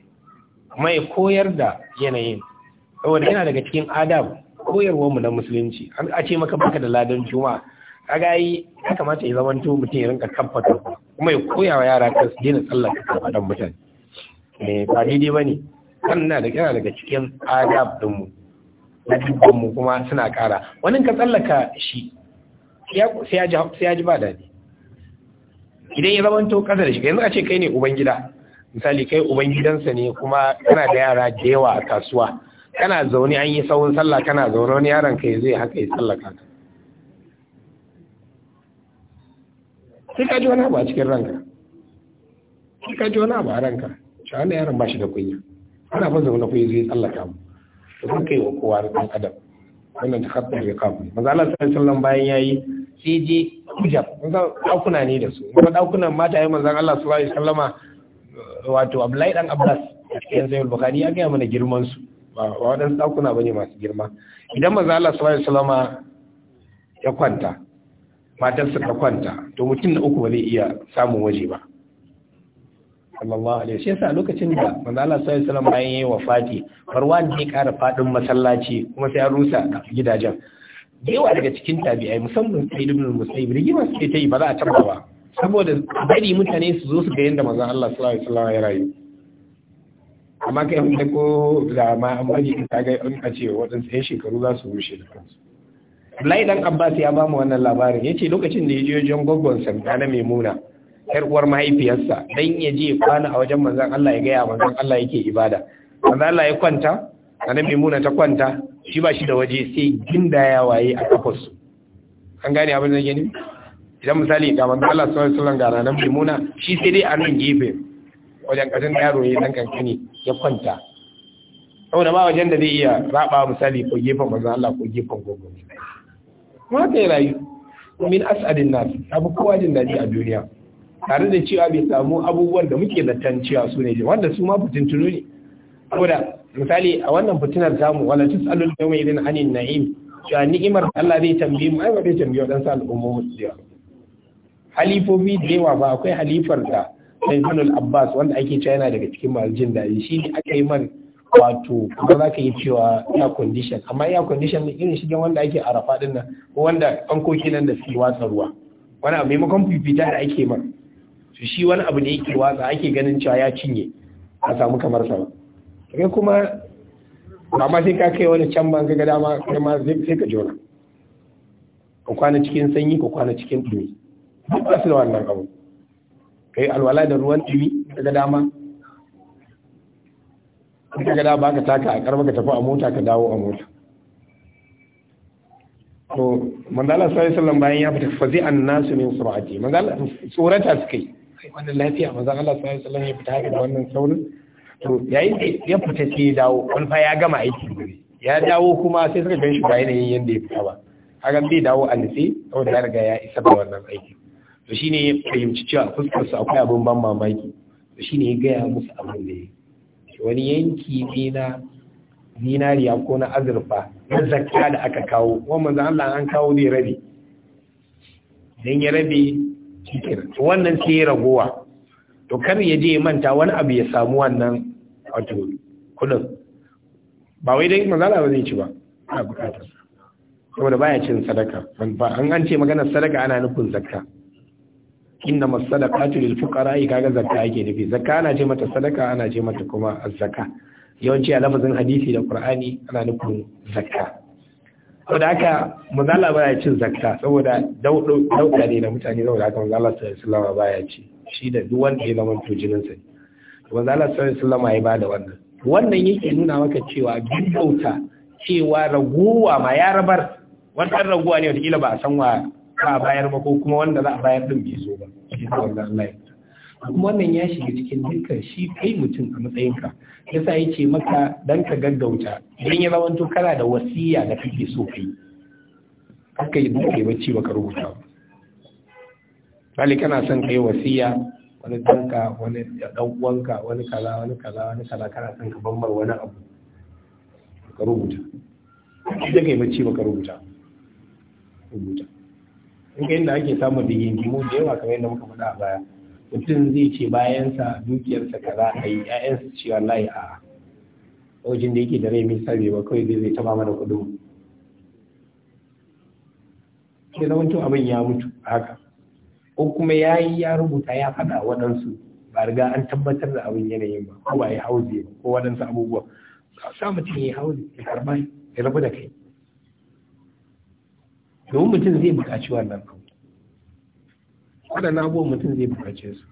kuma ya koyar da yanayin saboda yana daga cikin adam koyarwar mu na musulunci an a ce maka baka da ladan A kaga yi ya kamata ya zamanto mutum ya rinka kamfata kuma ya koya wa yara kan su daina tsallaka kafadan mutane eh, ba daidai ba ne wannan da yana daga cikin adab dinmu na dubbanmu kuma suna ƙara wani ka tsallaka shi sai ya ji ba daɗi idan ya zama to ƙasa da shi yanzu a ce kai ne ubangida misali kai ubangidansa ne kuma kana da yara da yawa a kasuwa kana zaune an yi saurin sallah kana zaune wani yaron ka zai haka ya tsallaka ka sai ka ji wani abu a cikin ranka sai ka ji wani abu a ranka shi wani yaron ba shi da kunya ana fa zaune ku zai tsallaka mu to kuma kai wa kowa ɗan adam wannan ta kafa ya kafa Maza Allah sallallahu alaihi wasallam bayan yayi sai je hijab manzo dakuna ne da su kuma dakunan mata yi maza Allah su alaihi sallama eh, wato Abdullahi dan Abbas cikin Sahih Bukhari ya gaya mana girman su ba waɗansu ba ne masu girma idan maza Allah sallallahu alaihi sallama ya kwanta matarsa ta kwanta to mutum na uku ba zai iya samun waje ba sallallahu alaihi wasallam yasa lokacin da manzo Allah sallallahu alaihi wasallam bayan yayi wafati farwa ne ƙara fadin masallaci kuma sai ya rusa gidajen yawa daga cikin tabi'ai musamman sai ibn Musayyib rigima suke ta yi ba za a tabba ba saboda bari mutane su zo su ga yanda manzo Allah sallallahu alaihi wasallam ya rayu amma kai wanda ko da ma an bari ta ga an kace waɗansu ɗan shekaru za su rushe da kansu Abdullahi dan Abbas ya ba mu wannan labarin yace lokacin da ya je wajen gwaggon sa na Maimuna yar uwar mahaifiyarsa dan ya je kwana a wajen manzon Allah ya gaya manzon Allah yake ibada manzon Allah ya kwanta annabi muna ta kwanta shi ba shi da waje sai ginda ya waye a kafar su. an gane abin da gani idan misali ga manzon Allah sallallahu alaihi wasallam ga annabi mimuna shi sai dai a nan gefe wajen kasan yaro ya dan kankani ya kwanta saboda ba wajen da zai iya raba misali ko gefen manzon Allah ko gefen gogo ma yi rayu min as'adin nas abu kowa jin dadi a duniya tare da cewa bai samu abubuwan da muke zaton cewa su ne wanda su ma fitintunu ne saboda misali a wannan fitinar zamu wala tusalul yawma idin anin na'im cewa ni'imar Allah zai tambaye mu ai ba zai tambaye sa al'ummomi mu yawa halifofi da yawa ba akwai halifar da Sayyidul Abbas wanda ake cewa yana daga cikin masu jin daɗi shi ne aka yi man wato kuma za ka yi cewa ya condition amma ya condition ne irin shigen wanda ake arafa dinnan nan ko wanda fankoki nan da suke watsa ruwa wani abu maimakon fifita da ake man to shi wani abu ne yake watsa ake ganin cewa ya cinye a samu kamar sa kai kuma ba ma sai ka kai wani can ban ga dama kai ma sai ka jona ko kwana cikin sanyi ko kwana cikin dumi duk ba su da wannan abu kai alwala da ruwan dumi ga dama ga dama ba ka taka a karba ka tafi a mota ka dawo a mota to manzala sallallahu alaihi wasallam bayan ya fita fazi an nasu min sur'ati manzala tsorata suka wannan lafiya manzon Allah sallallahu alaihi ya fita haka da wannan saurin to yayin da ya fita sai ya dawo wani fa ya gama aiki gobe ya dawo kuma sai suka gan shi ba yanayin yanda ya fita ba haka bai dawo a nufi saboda ya riga ya isa da wannan aiki to shine ya fahimci cewa fuskarsa akwai abin ban mamaki to ne ya gaya musu abin da ya wani yanki ne na zinariya ko na azurfa na zakka da aka kawo wa manzo Allah an kawo zai rabe idan ya rabe shikenan wannan sai ragowa to kar ya je manta wani abu ya samu wannan wato kudin ba wai dai manzala ba zai ci ba a bukatar saboda baya cin sadaka an an ce maganar sadaka ana nufin zakka inna masadaqatu lil fuqara kaga zakka ake nufi zakka ana ce mata sadaka ana ce mata kuma az yawanci a lafazin hadisi da qur'ani ana nufin zakka saboda haka manzala baya cin zakka saboda dauka ne na mutane saboda haka manzala sallallahu alaihi baya ci shi da duk wanda ya zama to jinin sa manzala sallallahu alaihi ya bada wannan wannan yake nuna maka cewa duk cewa raguwa ma ya rabar wannan raguwa ne wata kila ba a san wa ba a bayar ba ko kuma wanda za a bayar din bai zo ba shi ne wannan kuma wannan ya shiga cikin dukkan shi kai mutum a matsayinka sa ya ce maka dan ka gaggauta idan ya tun kana da wasiya da kake so kai haka yi duka bacci baka rubuta ba. bali kana son kai wasiya wani danka wani dan uwanka wani kaza wani kaza wani kaza kana son ka bambar wani abu ka rubuta da kai bacci baka rubuta rubuta in kai da ake samun rigingimu da yawa kamar yadda muka faɗa a baya mutum zai ce bayansa dukiyarsa ka za a yi ƴaƴansa ce wallahi a wajen da yake da rai mai sabi ba kawai zai zai taba mana kudin sai zamanto abin ya mutu haka ko kuma ya yi ya rubuta ya faɗa waɗansu ba riga an tabbatar da abin yanayin ba ko ba ya hauze ba ko waɗansu abubuwa sa mutum ya hauze ya karɓa ya rabu da kai domin mutum zai buƙaci wannan waɗannan abubuwan mutum zai buƙace su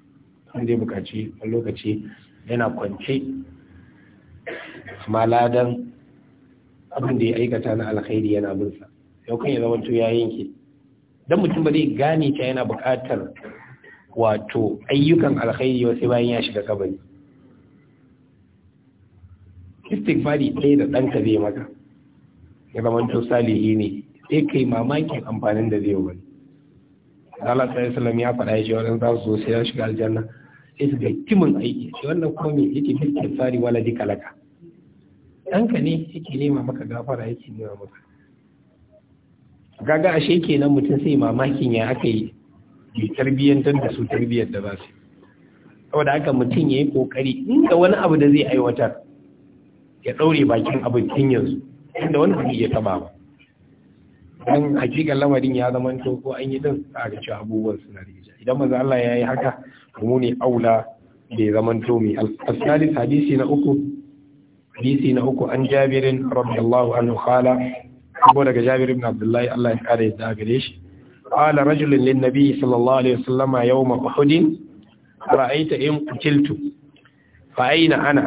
mutum zai bukaci a lokaci yana kwance amma ladan abin da ya aikata na alkhairi yana binsa yau kan ya to ya yanke don mutum ba zai gane ta yana buƙatar wato ayyukan alkhairi sai bayan ya shiga kabari istighfari ɗaya da ɗanka zai maka ya zama to salihi ne sai kai mamakin amfanin da zai wani Allah sai sallam ya faɗa ya wannan za su zo sai ya shiga aljanna sai su ga kimin aiki shi wannan kuma me yake bikin tsari wala dika laka ɗanka ne yake nema maka gafara yake nema maka gaga ashe kenan mutum sai mamakin ya aka yi bai tarbiyyantar da su tarbiyyar da ba su saboda haka mutum ya yi kokari inda wani abu da zai aiwatar ya ɗaure bakin abin tun yanzu inda wani abu ya taba ba dan hakikan lamarin ya zama ko an yi din a ga cewa abubuwan suna rija idan maza Allah ya yi haka mu ne aula bai zaman to mi asali hadisi na uku hadisi na uku an jabirin radiyallahu an qala ko daga jabir ibn abdullahi Allah ya kare da gare shi qala rajulun lin nabi sallallahu alaihi wasallama yawm uhud ra'aita in qutiltu fa aina ana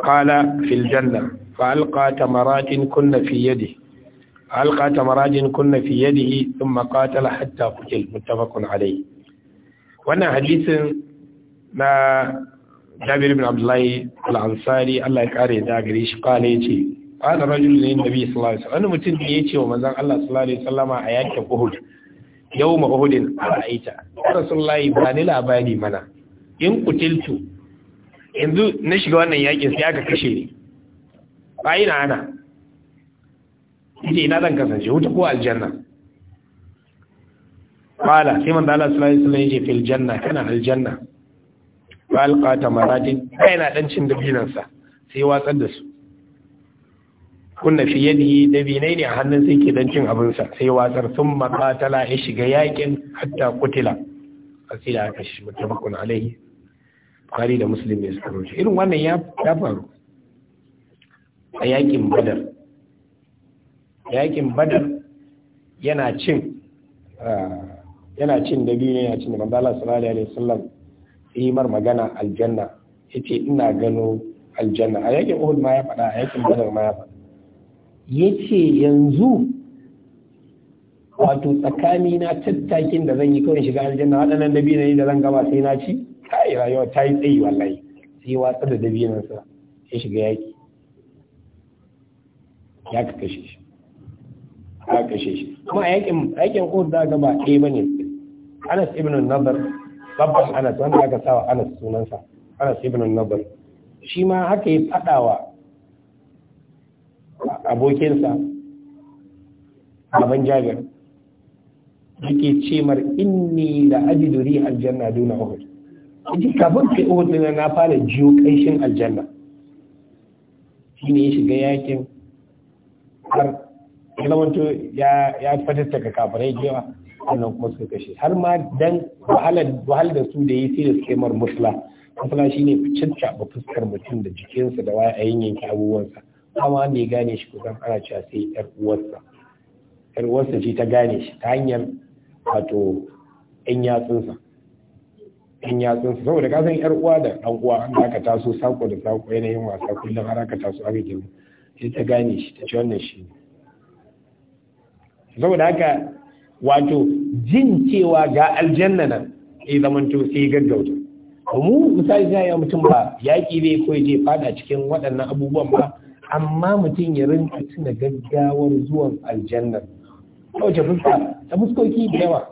qala fil janna فألقى تمرات كن في يده فألقى تمرات كن في يده ثم قاتل حتى قتل متفق عليه وانا حديث ما جابر بن عبد الله الأنصاري الله يكاري داقريش قال يتي قال رجل للنبي صلى الله عليه وسلم أنا متن يتي ومزان الله صلى الله عليه وسلم آيات أهد يوم أهد أرأيت رسول الله باني لا باني منا in kutiltu yanzu na shiga wannan yakin sai aka kashe ni ba ina ana ina zan kasance wuta ko aljanna qala sai man dala sallallahu alaihi wasallam yake fil janna kana aljanna fa alqa tamaratin kaina dan cin dabinan sa sai watsar da su kunna fi yadihi dabinai ne a hannun sai ke dan cin abin sa sai watsar sun makatala ya shiga yakin hatta kutila asila aka shi mutabakun alaihi bukhari da muslim ne suka rubuta irin wannan ya faru a yakin badar yakin badar yana cin yana cin da biyu ne yana cin da manzo Allah sallallahu alaihi yi mar magana aljanna ya ce ina gano aljanna a yakin Uhud ma ya faɗa a yakin Badar ma ya faɗa ce yanzu wato tsakani na tattakin da zan yi kawai shiga aljanna waɗannan biyu ne da zan gama sai na ci kai rayuwa ta yi tsayi wallahi sai watsa da dabinan sa sai shiga yaki ya ka kashe shi ya kashe shi kuma yakin yakin uhud da ga ba ɗaya ne. Anas ibn Nadar babban Anas wanda aka sawa Anas sunansa Anas ibn Nadar shi ma haka ya fadawa abokinsa baban Jabir yake ce mar inni la ajidu riha aljanna duna uhud yace kafin kai uhud na fara jiyo kanshin aljanna ne ya shiga yakin har ya zamanto ya ya fatattaka kafirai jewa wannan kuma suka kashe har ma dan wahalar da su da yi sai da suke mar musla musla shine cacaba fuskar mutum da jikinsa da waya a yanke abubuwansa amma ne ya gane shi kusan ana cewa sai yar uwarsa yar uwarsa ce ta gane shi ta hanyar wato yan yatsunsa yan yatsunsa saboda ka san yar uwa da dan uwa an aka taso sako da sako yanayin wasa kullum har aka taso aka girma sai ta gane shi ta ce shi ne saboda haka wato jin cewa ga aljanna nan sai to sai gaggauta mu misali na ya mutum ba yaƙi ne ko je fada cikin waɗannan abubuwan ba amma mutum ya rinka tuna gaggawar zuwan aljanna ta wace fuska ta fuskoki da yawa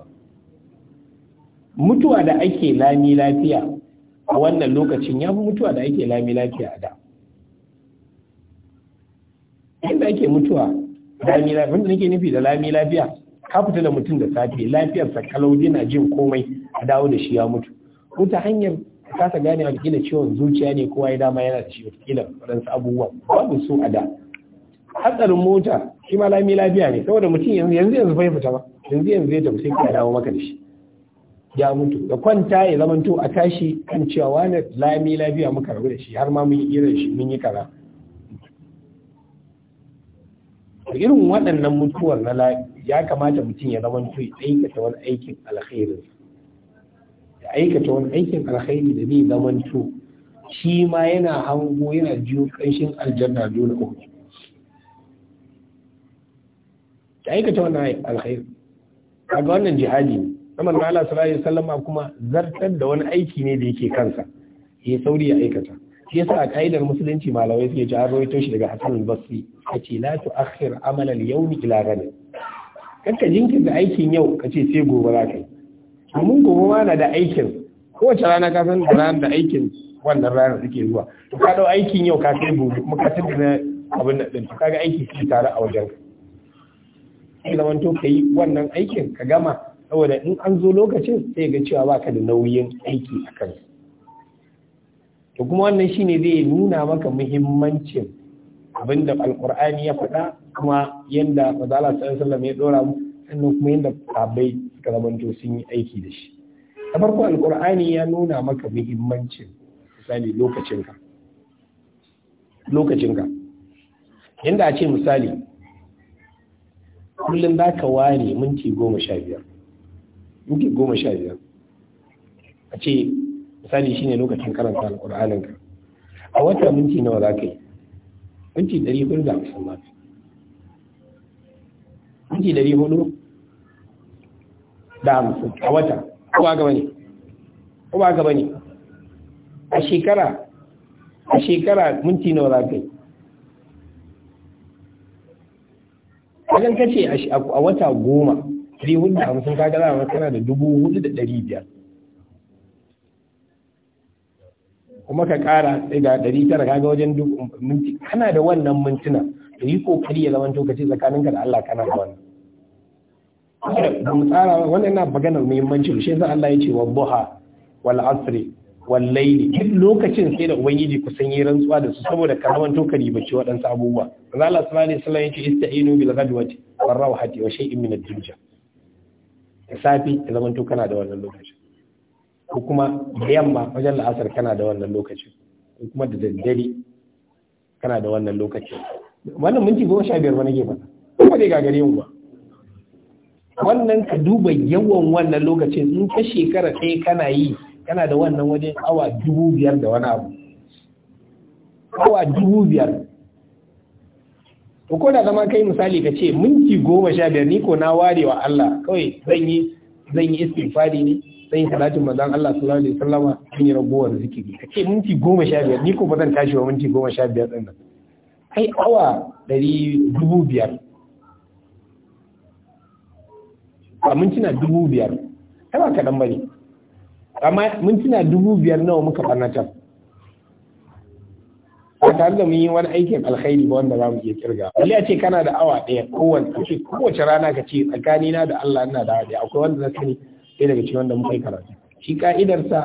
mutuwa da ake lami lafiya a wannan lokacin ya fi mutuwa da ake lami lafiya a da inda ake mutuwa lami lafiya wanda nake nufi da lami lafiya ka fita da mutum da safe Lafiyar sa kalau dina jin komai a dawo da shi ya mutu ko ta hanyar ka kasa gane kila ciwon zuciya ne kowa ya dama yana da shi watakila waɗansu abubuwa babu su a da hatsarin mota shi ma lami lafiya ne saboda mutum yanzu yanzu yanzu bai fita ba yanzu yanzu ya tafi sai ka dawo maka da shi ya mutu da kwanta ya zamanto a tashi kan cewa wani lami lafiya muka rabu da shi har ma mun yi irin shi mun yi kaza irin waɗannan mutuwar na ya kamata mutum ya zama ya aikata wani aikin alkhairi ya aikata wani aikin alkhairi da zai zama to shi ma yana hango yana jiyo ƙanshin aljanna dole uku ya aikata wani alkhairi kaga wannan jihadi ne na manzo Allah sallallahu alaihi kuma zartar da wani aiki ne da yake kansa ya sauri ya aikata shi yasa a ka'idar musulunci malamai suke ji an rawaito shi daga hasan al-Basri na la akhir amal al-yawm ila kan ka jinkirta aikin yau ka ce sai gobe za ka yi domin gobe ma na da aikin kowace rana ka san da ranar da aikin wannan ranar suke zuwa to ka dau aikin yau ka kai gobe kuma ka tunda abin da din kaga aiki shi tare a wajen sai zaman to kai wannan aikin ka gama saboda in an zo lokacin sai ga cewa baka da nauyin aiki a kansa to kuma wannan shine zai nuna maka muhimmancin abin da alkur'ani ya faɗa kuma yadda mazala sallallahu ya dora mu sannan kuma yadda sabai suka zamanto sun yi aiki da shi Da farko alkur'ani ya nuna maka muhimmancin misali lokacinka lokacinka yadda a ce misali kullum za ka ware minti goma sha biyar minti goma sha biyar a ce misali shine lokacin karanta alƙur'anin ka a wata minti nawa za ka yi minti ɗari hudu da hamsin ba minti ɗari hudu da hamsin a wata kuma gaba ne kuma gaba ne a shekara a shekara minti nawa za ka yi wajen kace a wata goma ɗari hudu da hamsin kaga za a kana da dubu hudu da ɗari biyar kuma ka kara sai ga ɗari tara kaga wajen minti kana da wannan mintuna da yi kokari ya zama lokaci tsakaninka da Allah kana da wannan ba mu tsara wannan yana maganar muhimmanci. shi yasa Allah ya ce wa duha wal asri wal layli duk lokacin sai da ubangiji kusan yi rantsuwa da su saboda ka zama to kari bace waɗansu abubuwa manzo Allah sallallahu alaihi wasallam ya ce ista'inu bil ghadwati war rawhati wa shay'in min ad-dunya safi ya zama to kana da wannan lokaci ko kuma da yamma wajen la'asar kana da wannan lokacin ko kuma da daddare kana da wannan lokacin wannan minti goma sha biyar ba nake faɗa kuma dai gagare yin ba wannan ka duba yawan wannan lokacin in ka shekara ɗaya kana yi kana da wannan wajen awa dubu biyar da wani abu awa dubu biyar ko da zama kai misali ka ce minti goma sha biyar ni ko na ware wa Allah kawai zan yi zan yi istighfari ne sai salatin manzon Allah sallallahu alaihi wasallama sun yi ziki zikiri kace minti goma sha biyar ni ko ba zan tashi ba minti goma sha biyar din nan kai awa ɗari dubu biyar ba mintuna dubu biyar Ta ba kaɗan ba ne amma mintuna dubu biyar nawa muka ɓarnatar ba tare da mun yi wani aikin alkhairi ba wanda za mu iya kirga wani a ce kana da awa ɗaya kowace kowace rana ka ce tsakanina da Allah ina da awa ɗaya akwai wanda na sani sai daga cikin wanda muka yi karatu shi ka'idarsa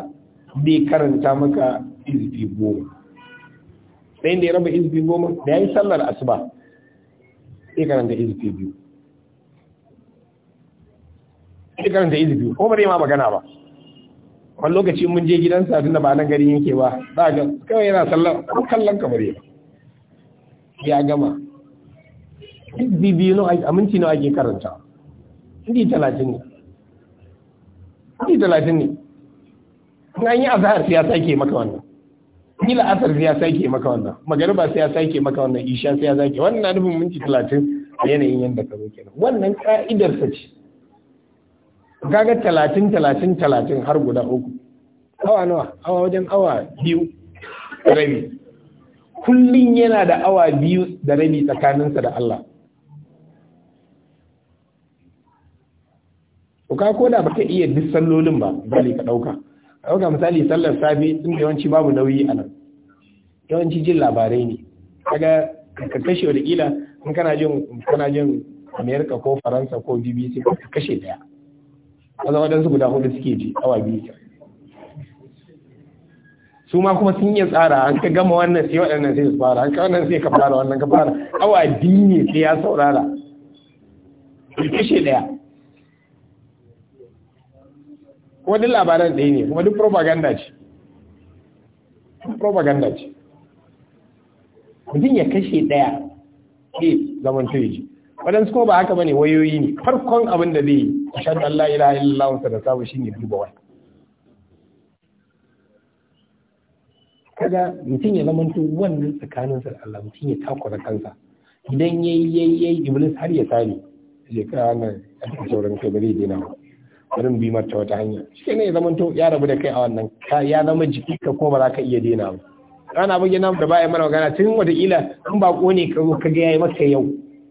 bai karanta maka izbi goma sai da ya raba izbi goma da ya yi sallar asuba sai karanta izbi biyu sai karanta izbi ko ba zai ma magana ba wani lokaci mun je gidansa tun da ba nan gari yake ba za ga kawai yana sallar ko kallon kamar ya ya gama izbi biyu aminci nawa ake karanta indi talatin ne minti talatin ne na an yi azahar sai ya sake maka wannan ni la'asar sai ya sake maka wannan magariba sai ya sake maka wannan isha sai ya sake wannan na nufin minti talatin a yanayin yadda ka zo kenan wannan ka'idar sa ce kaga talatin talatin talatin har guda uku awa nawa awa wajen awa biyu rabi kullum yana da awa biyu da rabi tsakaninsa da Allah to ka koda baka iya duk sallolin ba bale ka dauka dauka misali sallar safi tun da yawanci babu nauyi a nan yawanci jin labarai ne kaga ka kashe wa kila in kana jin kana jin amerika ko Faransa ko BBC ka kashe daya dan su guda hudu suke ji awa biyu su ma kuma sun yi tsara an ka gama wannan sai waɗannan sai su fara an ka wannan sai ka fara wannan ka fara awa biyu ne sai ya saurara kashe daya kuma duk labaran ɗaya ne kuma duk propaganda ce propaganda ce mutum ya kashe ɗaya ke zaman turiji waɗansu ko ba haka bane wayoyi ne farkon abin da zai yi a shan Allah ila Allah wasu da sabu ne duba wani kaga mutum ya zama tu wannan tsakanin sa da Allah mutum ya takura kansa idan yayi yayi iblis har ya sani je ka nan a cikin sauran kai ba zai dena ba bari bi marta wata hanya shi ne ya zama to ya rabu da kai a wannan ya zama jiki ka ko ba za ka iya dena ba rana bugi nan da bayan mana magana tun watakila in ba ne ka zo ka ga maka yau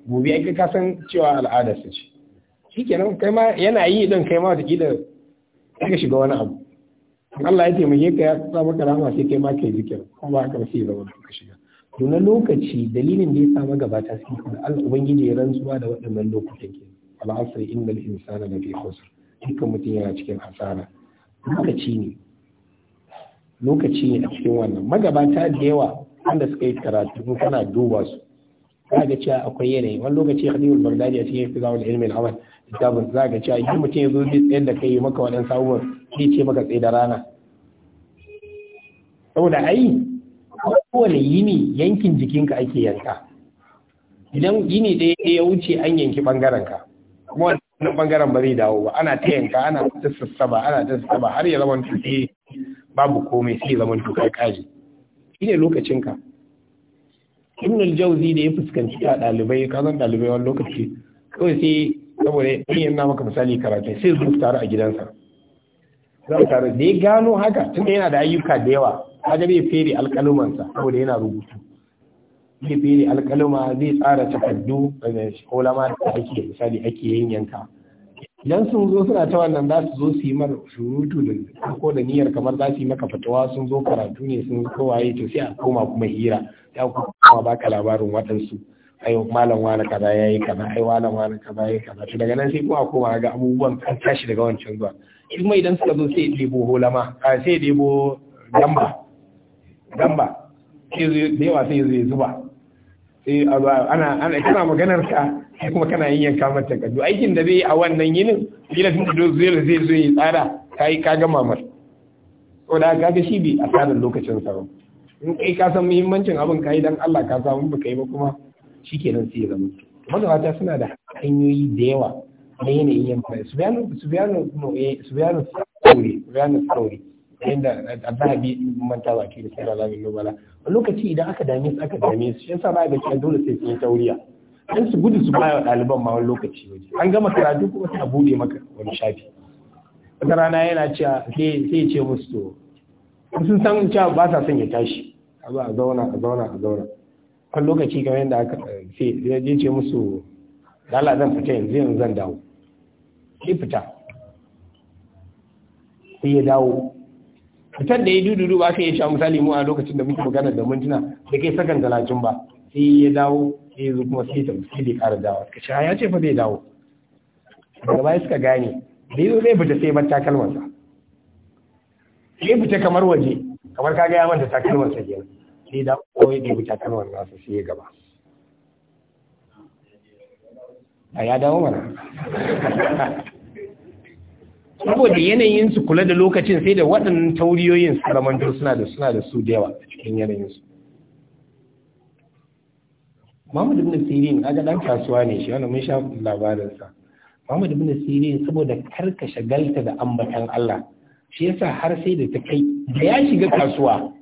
gobe ai ka san cewa al'ada ce shikenan kai ma yana yi don kai ma ya ka shiga wani abu Allah ya taimake ka ya sa maka rama sai kai ma kai zikir kuma ba ka sai zama ka shiga to lokaci dalilin da ya sa magabata suke kuma Allah ubangiji ya rantsuwa da waɗannan lokutan ke al'asr innal insana lafi khusr dukkan mutum yana cikin hasara lokaci ne lokaci ne a cikin wannan magabata da yawa wanda suka yi karatu kana duba su za ga cewa akwai yanayi wani lokaci hadimul da a cikin fizawul ilmin amal littafin za ga cewa idan mutum ya zo zai tsayar da kai maka wani sabuwar zai ce maka tsaye da rana saboda ai kowane yini yankin jikinka ake yanka idan yini da ya wuce an yanki ɓangaren ka kuma wani bangaren ba zai dawo ba ana ta yanka ana ta sassaba ana ta sassaba har ya zama tuke eh, babu komai sai ya zama tukai kaji shine lokacin ka ibn al-jawzi da ya fuskanci a dalibai ka zan dalibai wani lokaci kawai sai saboda yin yana maka misali karatu sai su tare a gidansa za tare da ya gano haka tunda yana da ayyuka da yawa kaga bai fere alƙalumansa saboda yana rubutu zai fere alkaluma zai tsara takardu daga kolama da ake misali ake yin yanka idan sun zo suna ta wannan za su zo su yi mar surutu da ko da niyyar kamar za su yi maka fatawa sun zo karatu ne sun zo waye to sai a koma kuma hira ya kuma baka labarin waɗansu ai malam wani kaza ya yi kaza ai malam wani kaza ya yi kaza to daga nan sai kuma koma ga abubuwan kan tashi daga wancan zuwa kuma idan suka zo sai ɗebo holama sai ɗebo gamba gamba sai zai yawa sai zai zuba Eh, ana kana maganar ka kuma kana yin yanka mata kaddu aikin da zai a wannan yinin kila tun da zai zai zo yi tsara kai ka gama mar to da kaga shi bi a tsarin lokacin sa in kai ka san muhimmancin abin kai dan Allah ka samu ba kai ba kuma shikenan sai ya zama magabata suna da hanyoyi da yawa na yanayin yanka su bayanu su bayanu su eh, bayanu su bayanu sauri inda azhabi manta ba ke da sai alamin nubala a lokaci idan aka dame su aka dame su sa ba ga kan dole sai su yi tauriya dan su gudu su bayar ɗaliban ma wani lokaci waje an gama karatu kuma sai a bude maka wani shafi wata rana yana cewa sai ce musu to sun san cewa ba sa son ya tashi a zo a zauna a zauna a zauna kan lokaci kamar yadda aka sai ya ce musu lala zan fita yanzu yanzu zan dawo sai fita sai ya dawo fitar da ya du ba ka iya sha misali mu a lokacin da muke magana da mintuna da kai sakan talatin ba sai ya dawo sai ya zo kuma sai ta sai bai ƙara dawo ka sha ya ce fa zai dawo daga baya suka gane da yazo zai fita sai bar takalmansa sai fita kamar waje kamar ka ga ya manta takalmansa kenan sai da kawai da wuce kan wannan sai sai gaba a ya dawo mana saboda yanayin su kula da lokacin sai da waɗannan tauriyoyin su zamantar suna da suna da su da yawa a cikin yanayin su Muhammadu ibn Sirin kaga dan kasuwa ne shi wannan mun sha labarin sa Muhammad ibn Sirin saboda karka shagalta da ambatan Allah shi yasa har sai da ta kai da ya shiga kasuwa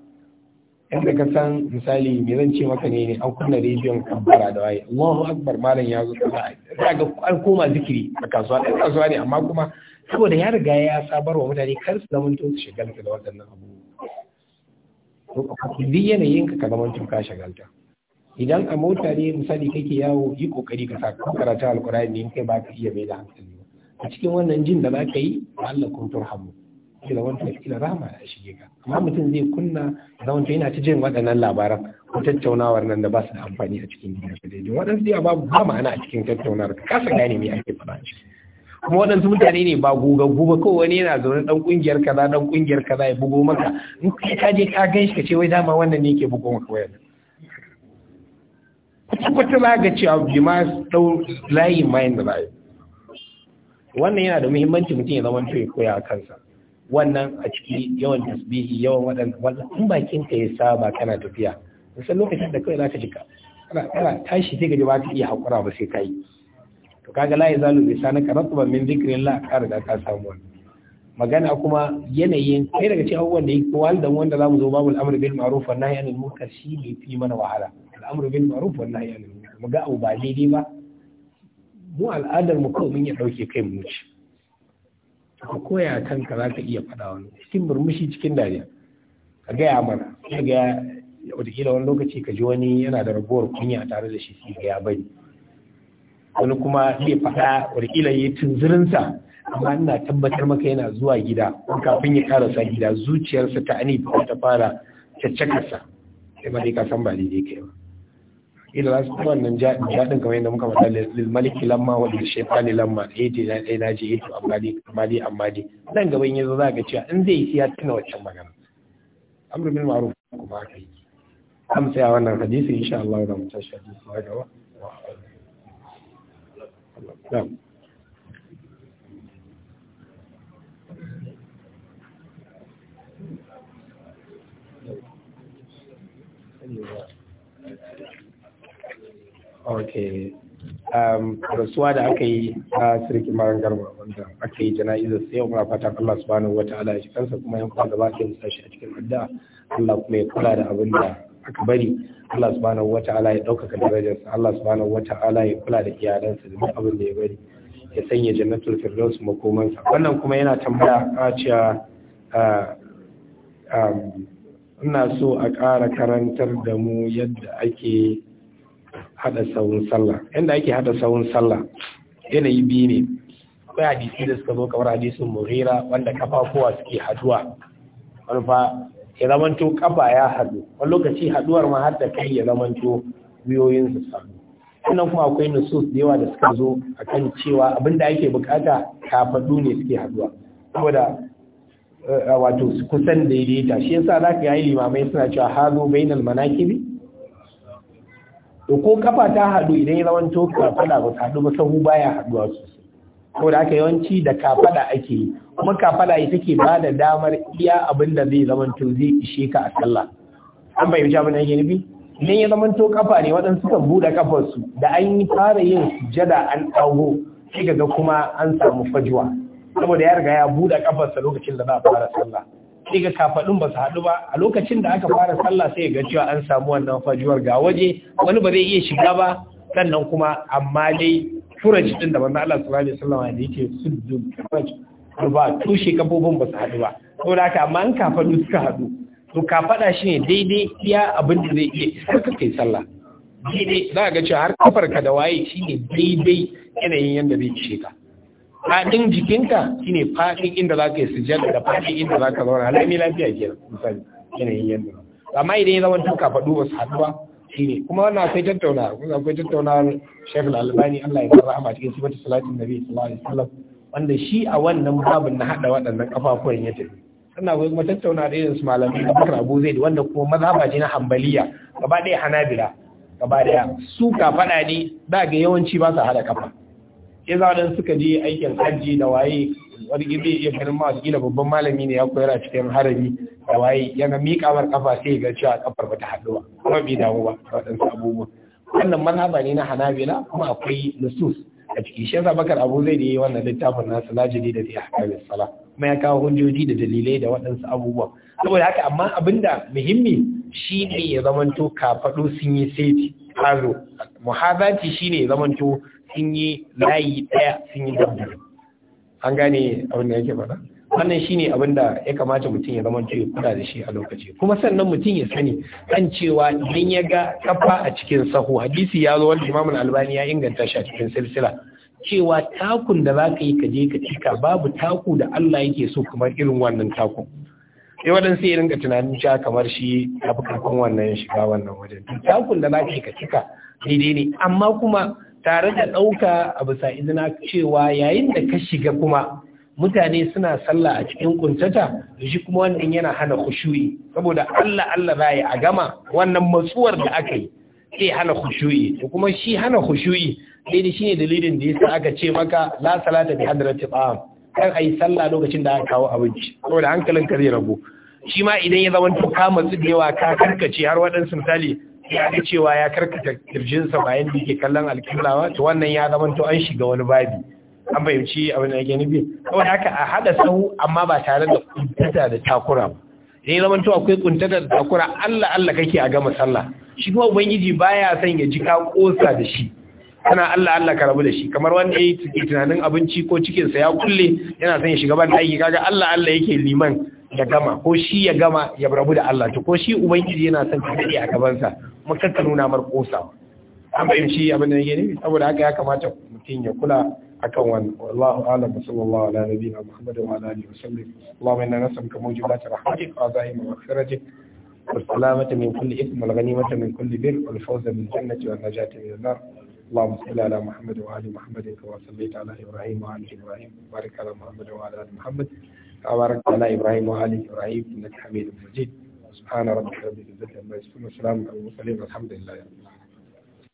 inda ka san misali me zan ce maka ne ne an kunna rediyon kabbara da waye Allahu akbar malam ya zo kaza ga an koma zikiri a kasuwa ɗan kasuwa ne amma kuma saboda ya riga ya sabar wa mutane kar su zama su shagalta da waɗannan abubuwa duk yanayin ka tun ka shagalta idan a mota ne misali kake yawo yi kokari ka saka karatu alkurani ne kai ba ka iya mai da hankali a cikin wannan jin da za ka yi Allah kun turhamu kila wanda kila rahama ya shige ka amma mutum zai kunna zaman yana ta jin waɗannan labaran ko tattaunawar nan da ba su da amfani a cikin gidan su daidai waɗansu dai babu ba ma'ana a cikin tattaunawar ka kasa gane me ake faɗa a kuma waɗansu mutane ne ba gogaggu ba kawai wani yana zaune ɗan ƙungiyar kaza ɗan ƙungiyar kaza ya bugo maka in kai ka je ka gan shi ka ce wai dama wannan ne ke bugo maka wayar kwata za ga cewa bi ma dau layi mai da za wannan yana da muhimmanci mutum ya zama to ya koya a kansa wannan a ciki yawan tasbihi yawan waɗannan wannan in bakin ka ya saba kana tafiya musan lokacin da kai za ka jika kana tashi sai ka ji ba ka iya haƙura ba sai ka yi kaga la yazalu bi sanaka ratban min dhikrillah ka riga ka samu magana kuma yanayin kai daga cikin abubuwan da yake walidan wanda zamu zo babu amr bil ma'ruf wan nahyi anil munkar shi ne fi mana wahala amr bil ma'ruf wan nahyi anil munkar mu ga abu ba daidai ba mu al'adar mu kawai mun ya dauke kai mu ci ka koya kanka ka iya faɗa wani cikin murmushi cikin dariya ka gaya mana ka ga wataƙila wani lokaci ka ji wani yana da ragowar kunya tare da shi sai ga ya bari wani kuma zai faɗa wakila ya tunzirinsa amma ina tabbatar maka yana zuwa gida kafin ya karasa gida zuciyarsa ta ani ba ta fara caccakarsa sai ma dai ka san ba daidai kai ba ila za su wannan jaɗin kamar yadda muka faɗa lil maliki lamma wa lil shaytani lamma eh dai na ɗaya eh, naji eh to amma dai amma dai amma dai nan gaban yanzu za ka cewa in zai yi ya tuna wancan magana amru bil ma'ruf kuma aka yi amsa ya wannan hadisi insha Allah da mutashi hadisi wa gaba ok um, rasuwa da aka yi a sirki marar garba wanda aka yi jana'izar sai yau muna fata Allah subhanahu wa ta'ala shi kansa kuma yan kwana da ba ke musashi a cikin adda Allah kuma ya kula da abin da aka bari Allah subhanahu wata'ala ya ɗaukaka darajarsa Allah subhanahu wata'ala ya kula da iyalansa da abin da ya bari ya sanya jannatul firdaus makomansa wannan kuma yana tambaya kaciya ina so a ƙara karantar da mu yadda ake hada sawun sallah yadda ake hada sawun sallah yanayi biyu ne akwai hadisi da suka zo kamar hadisin mughira wanda kafafuwa suke haduwa wani fa ya zamanto kafa ya haɗu wani lokaci haɗuwar ma har da kai ya zamanto biyoyin su sami wannan kuma akwai nusus da yawa da suka zo a kan cewa abin da ake bukata kafaɗu ne suke haɗuwa saboda eh, wato su kusan daidaita shi yasa za ka yi limamai suna cewa hazo bainal manakibi to ko kafa ta haɗu idan ya zamanto da ba ta haɗu ba sahu baya haɗuwa sosai ko da aka yawanci da kafada ake yi kuma kafada ita ke ba da damar iya abin da zai zamanto zai ishe ka a sallah an bai wuce abin da yake nufi idan ya zamanto kafa ne waɗansu kan buɗe kafarsu da an yi fara yin sujada an ɗago sai ga kuma an samu fajuwa saboda ya riga ya buɗe kafarsa lokacin da za a fara sallah sai ga kafaɗin ba su haɗu ba a lokacin da aka fara sallah sai ga cewa an samu wannan fajuwar ga waje wani ba zai iya shiga ba sannan kuma amma dai furaj din da manzo Allah sallallahu alaihi wasallam da yake suddu furaj ba tushe kafofin ba su haɗu ba da haka amma an kafadu suka haɗu to kafada shi ne daidai iya abin da zai iya iskar ka kai sallah daidai za ga cewa har kafar ka da waye shine daidai yanayin yanda zai ishe ka faɗin jikinka shine faɗin inda za ka yi sujjada da faɗin inda za ka zauna halami lafiya kenan misali yanayin yanda amma idan ya zama tun faɗo ba su haɗu ba shine kuma wannan akwai tattauna kuma akwai tattauna Sheikh Al-Albani Allah ya bar rahama cikin sifatu salatin Nabi sallallahu alaihi wasallam wanda shi a wannan babin na hada waɗannan kafafuwan ya tafi sannan akwai kuma tattauna da irin su na bakar Abu Zaid wanda kuma mazhaba ne na Hanbaliya gaba ɗaya Hanabila gaba ɗaya su ka faɗa ne da ga yawanci ba su hada kafa sai za suka je aikin hajji da waye Wani bai ya ganin masu gina babban malami ne ya koyar a cikin harami da waye yana miƙawar kafa sai ga cewa kafar bata haɗuwa haɗu ba kuma bai damu ba a waɗansu abubuwa wannan manhaba ne na hanabila kuma akwai nusus a ciki shi yasa bakar abu zai da yi wannan littafin nasu lajili da zai hakamin sala kuma ya kawo hujjoji da dalilai da waɗansu abubuwa saboda haka amma abin da muhimmi shi ne ya zamanto kafaɗo sun yi seti hazo muhazanci ne ya zamanto sun yi layi ɗaya sun yi dabbar an gane abin da yake faɗa wannan shine abin da ya kamata mutum ya zama ya kula da shi a lokaci kuma sannan mutum ya sani kan cewa idan ya ga kafa a cikin sahu hadisi ya zo wanda imamul albani ya inganta shi a cikin silsila cewa takun da za ka yi ka je ka cika babu taku da Allah yake so kamar irin wannan taku sai wadan sai rinka tunanin cewa kamar shi ya fi wannan shiga wannan wajen takun da za ka yi ka cika daidai ne amma kuma tare da ɗauka a bisa izina cewa yayin da ka shiga kuma mutane suna sallah a cikin kuntata da shi kuma wannan yana hana khushu'i saboda Allah Allah za a gama wannan matsuwar da aka yi sai hana khushu'i to kuma shi hana khushu'i dai da shine dalilin da yasa aka ce maka la salata bi hadrati kan a yi sallah lokacin da aka kawo abinci saboda hankalin ka zai rabu shi ma idan ya zama to ka matsu da yawa ka karkace har waɗansu misali ya ga cewa ya karkata kirjinsa bayan da yake kallon alkimlawa to wannan ya zama to an shiga wani babi an fahimci abin da yake nufi saboda haka a hada sahu amma ba tare da kuntata da takura ba ne zama to akwai kuntata da takura Allah Allah kake a gama sallah shi kuma ubangiji baya son ya ji ka kosa da shi kana Allah Allah ka rabu da shi kamar wanda yayi tunanin abinci ko cikin sa ya kulle yana son ya shiga ban aiki kaga Allah Allah yake liman ya gama ko shi ya gama ya rabu da Allah to ko shi ubangiji yana son ka dade a gaban sa mu kakka nuna mar kosa an fahimci abin da yake ne saboda haka ya kamata mutum ya kula akan wannan wallahu a'lam wa sallallahu ala nabiyyina muhammad wa ala alihi wa sallam allahumma inna nas'aluka mujibat rahmatik wa azahim maghfiratik والسلامة من كل إثم والغنيمة من كل بر والفوز بالجنة والنجاة من النار اللهم صل على محمد وآل محمد كما صليت على إبراهيم وآل إبراهيم وبارك على محمد وعلى آل محمد كما باركت على إبراهيم وآل إبراهيم إنك حميد مجيد subhana rabbika rabbil izzati amma yasifun wa salamun alal mursalin walhamdulillahi rabbil alamin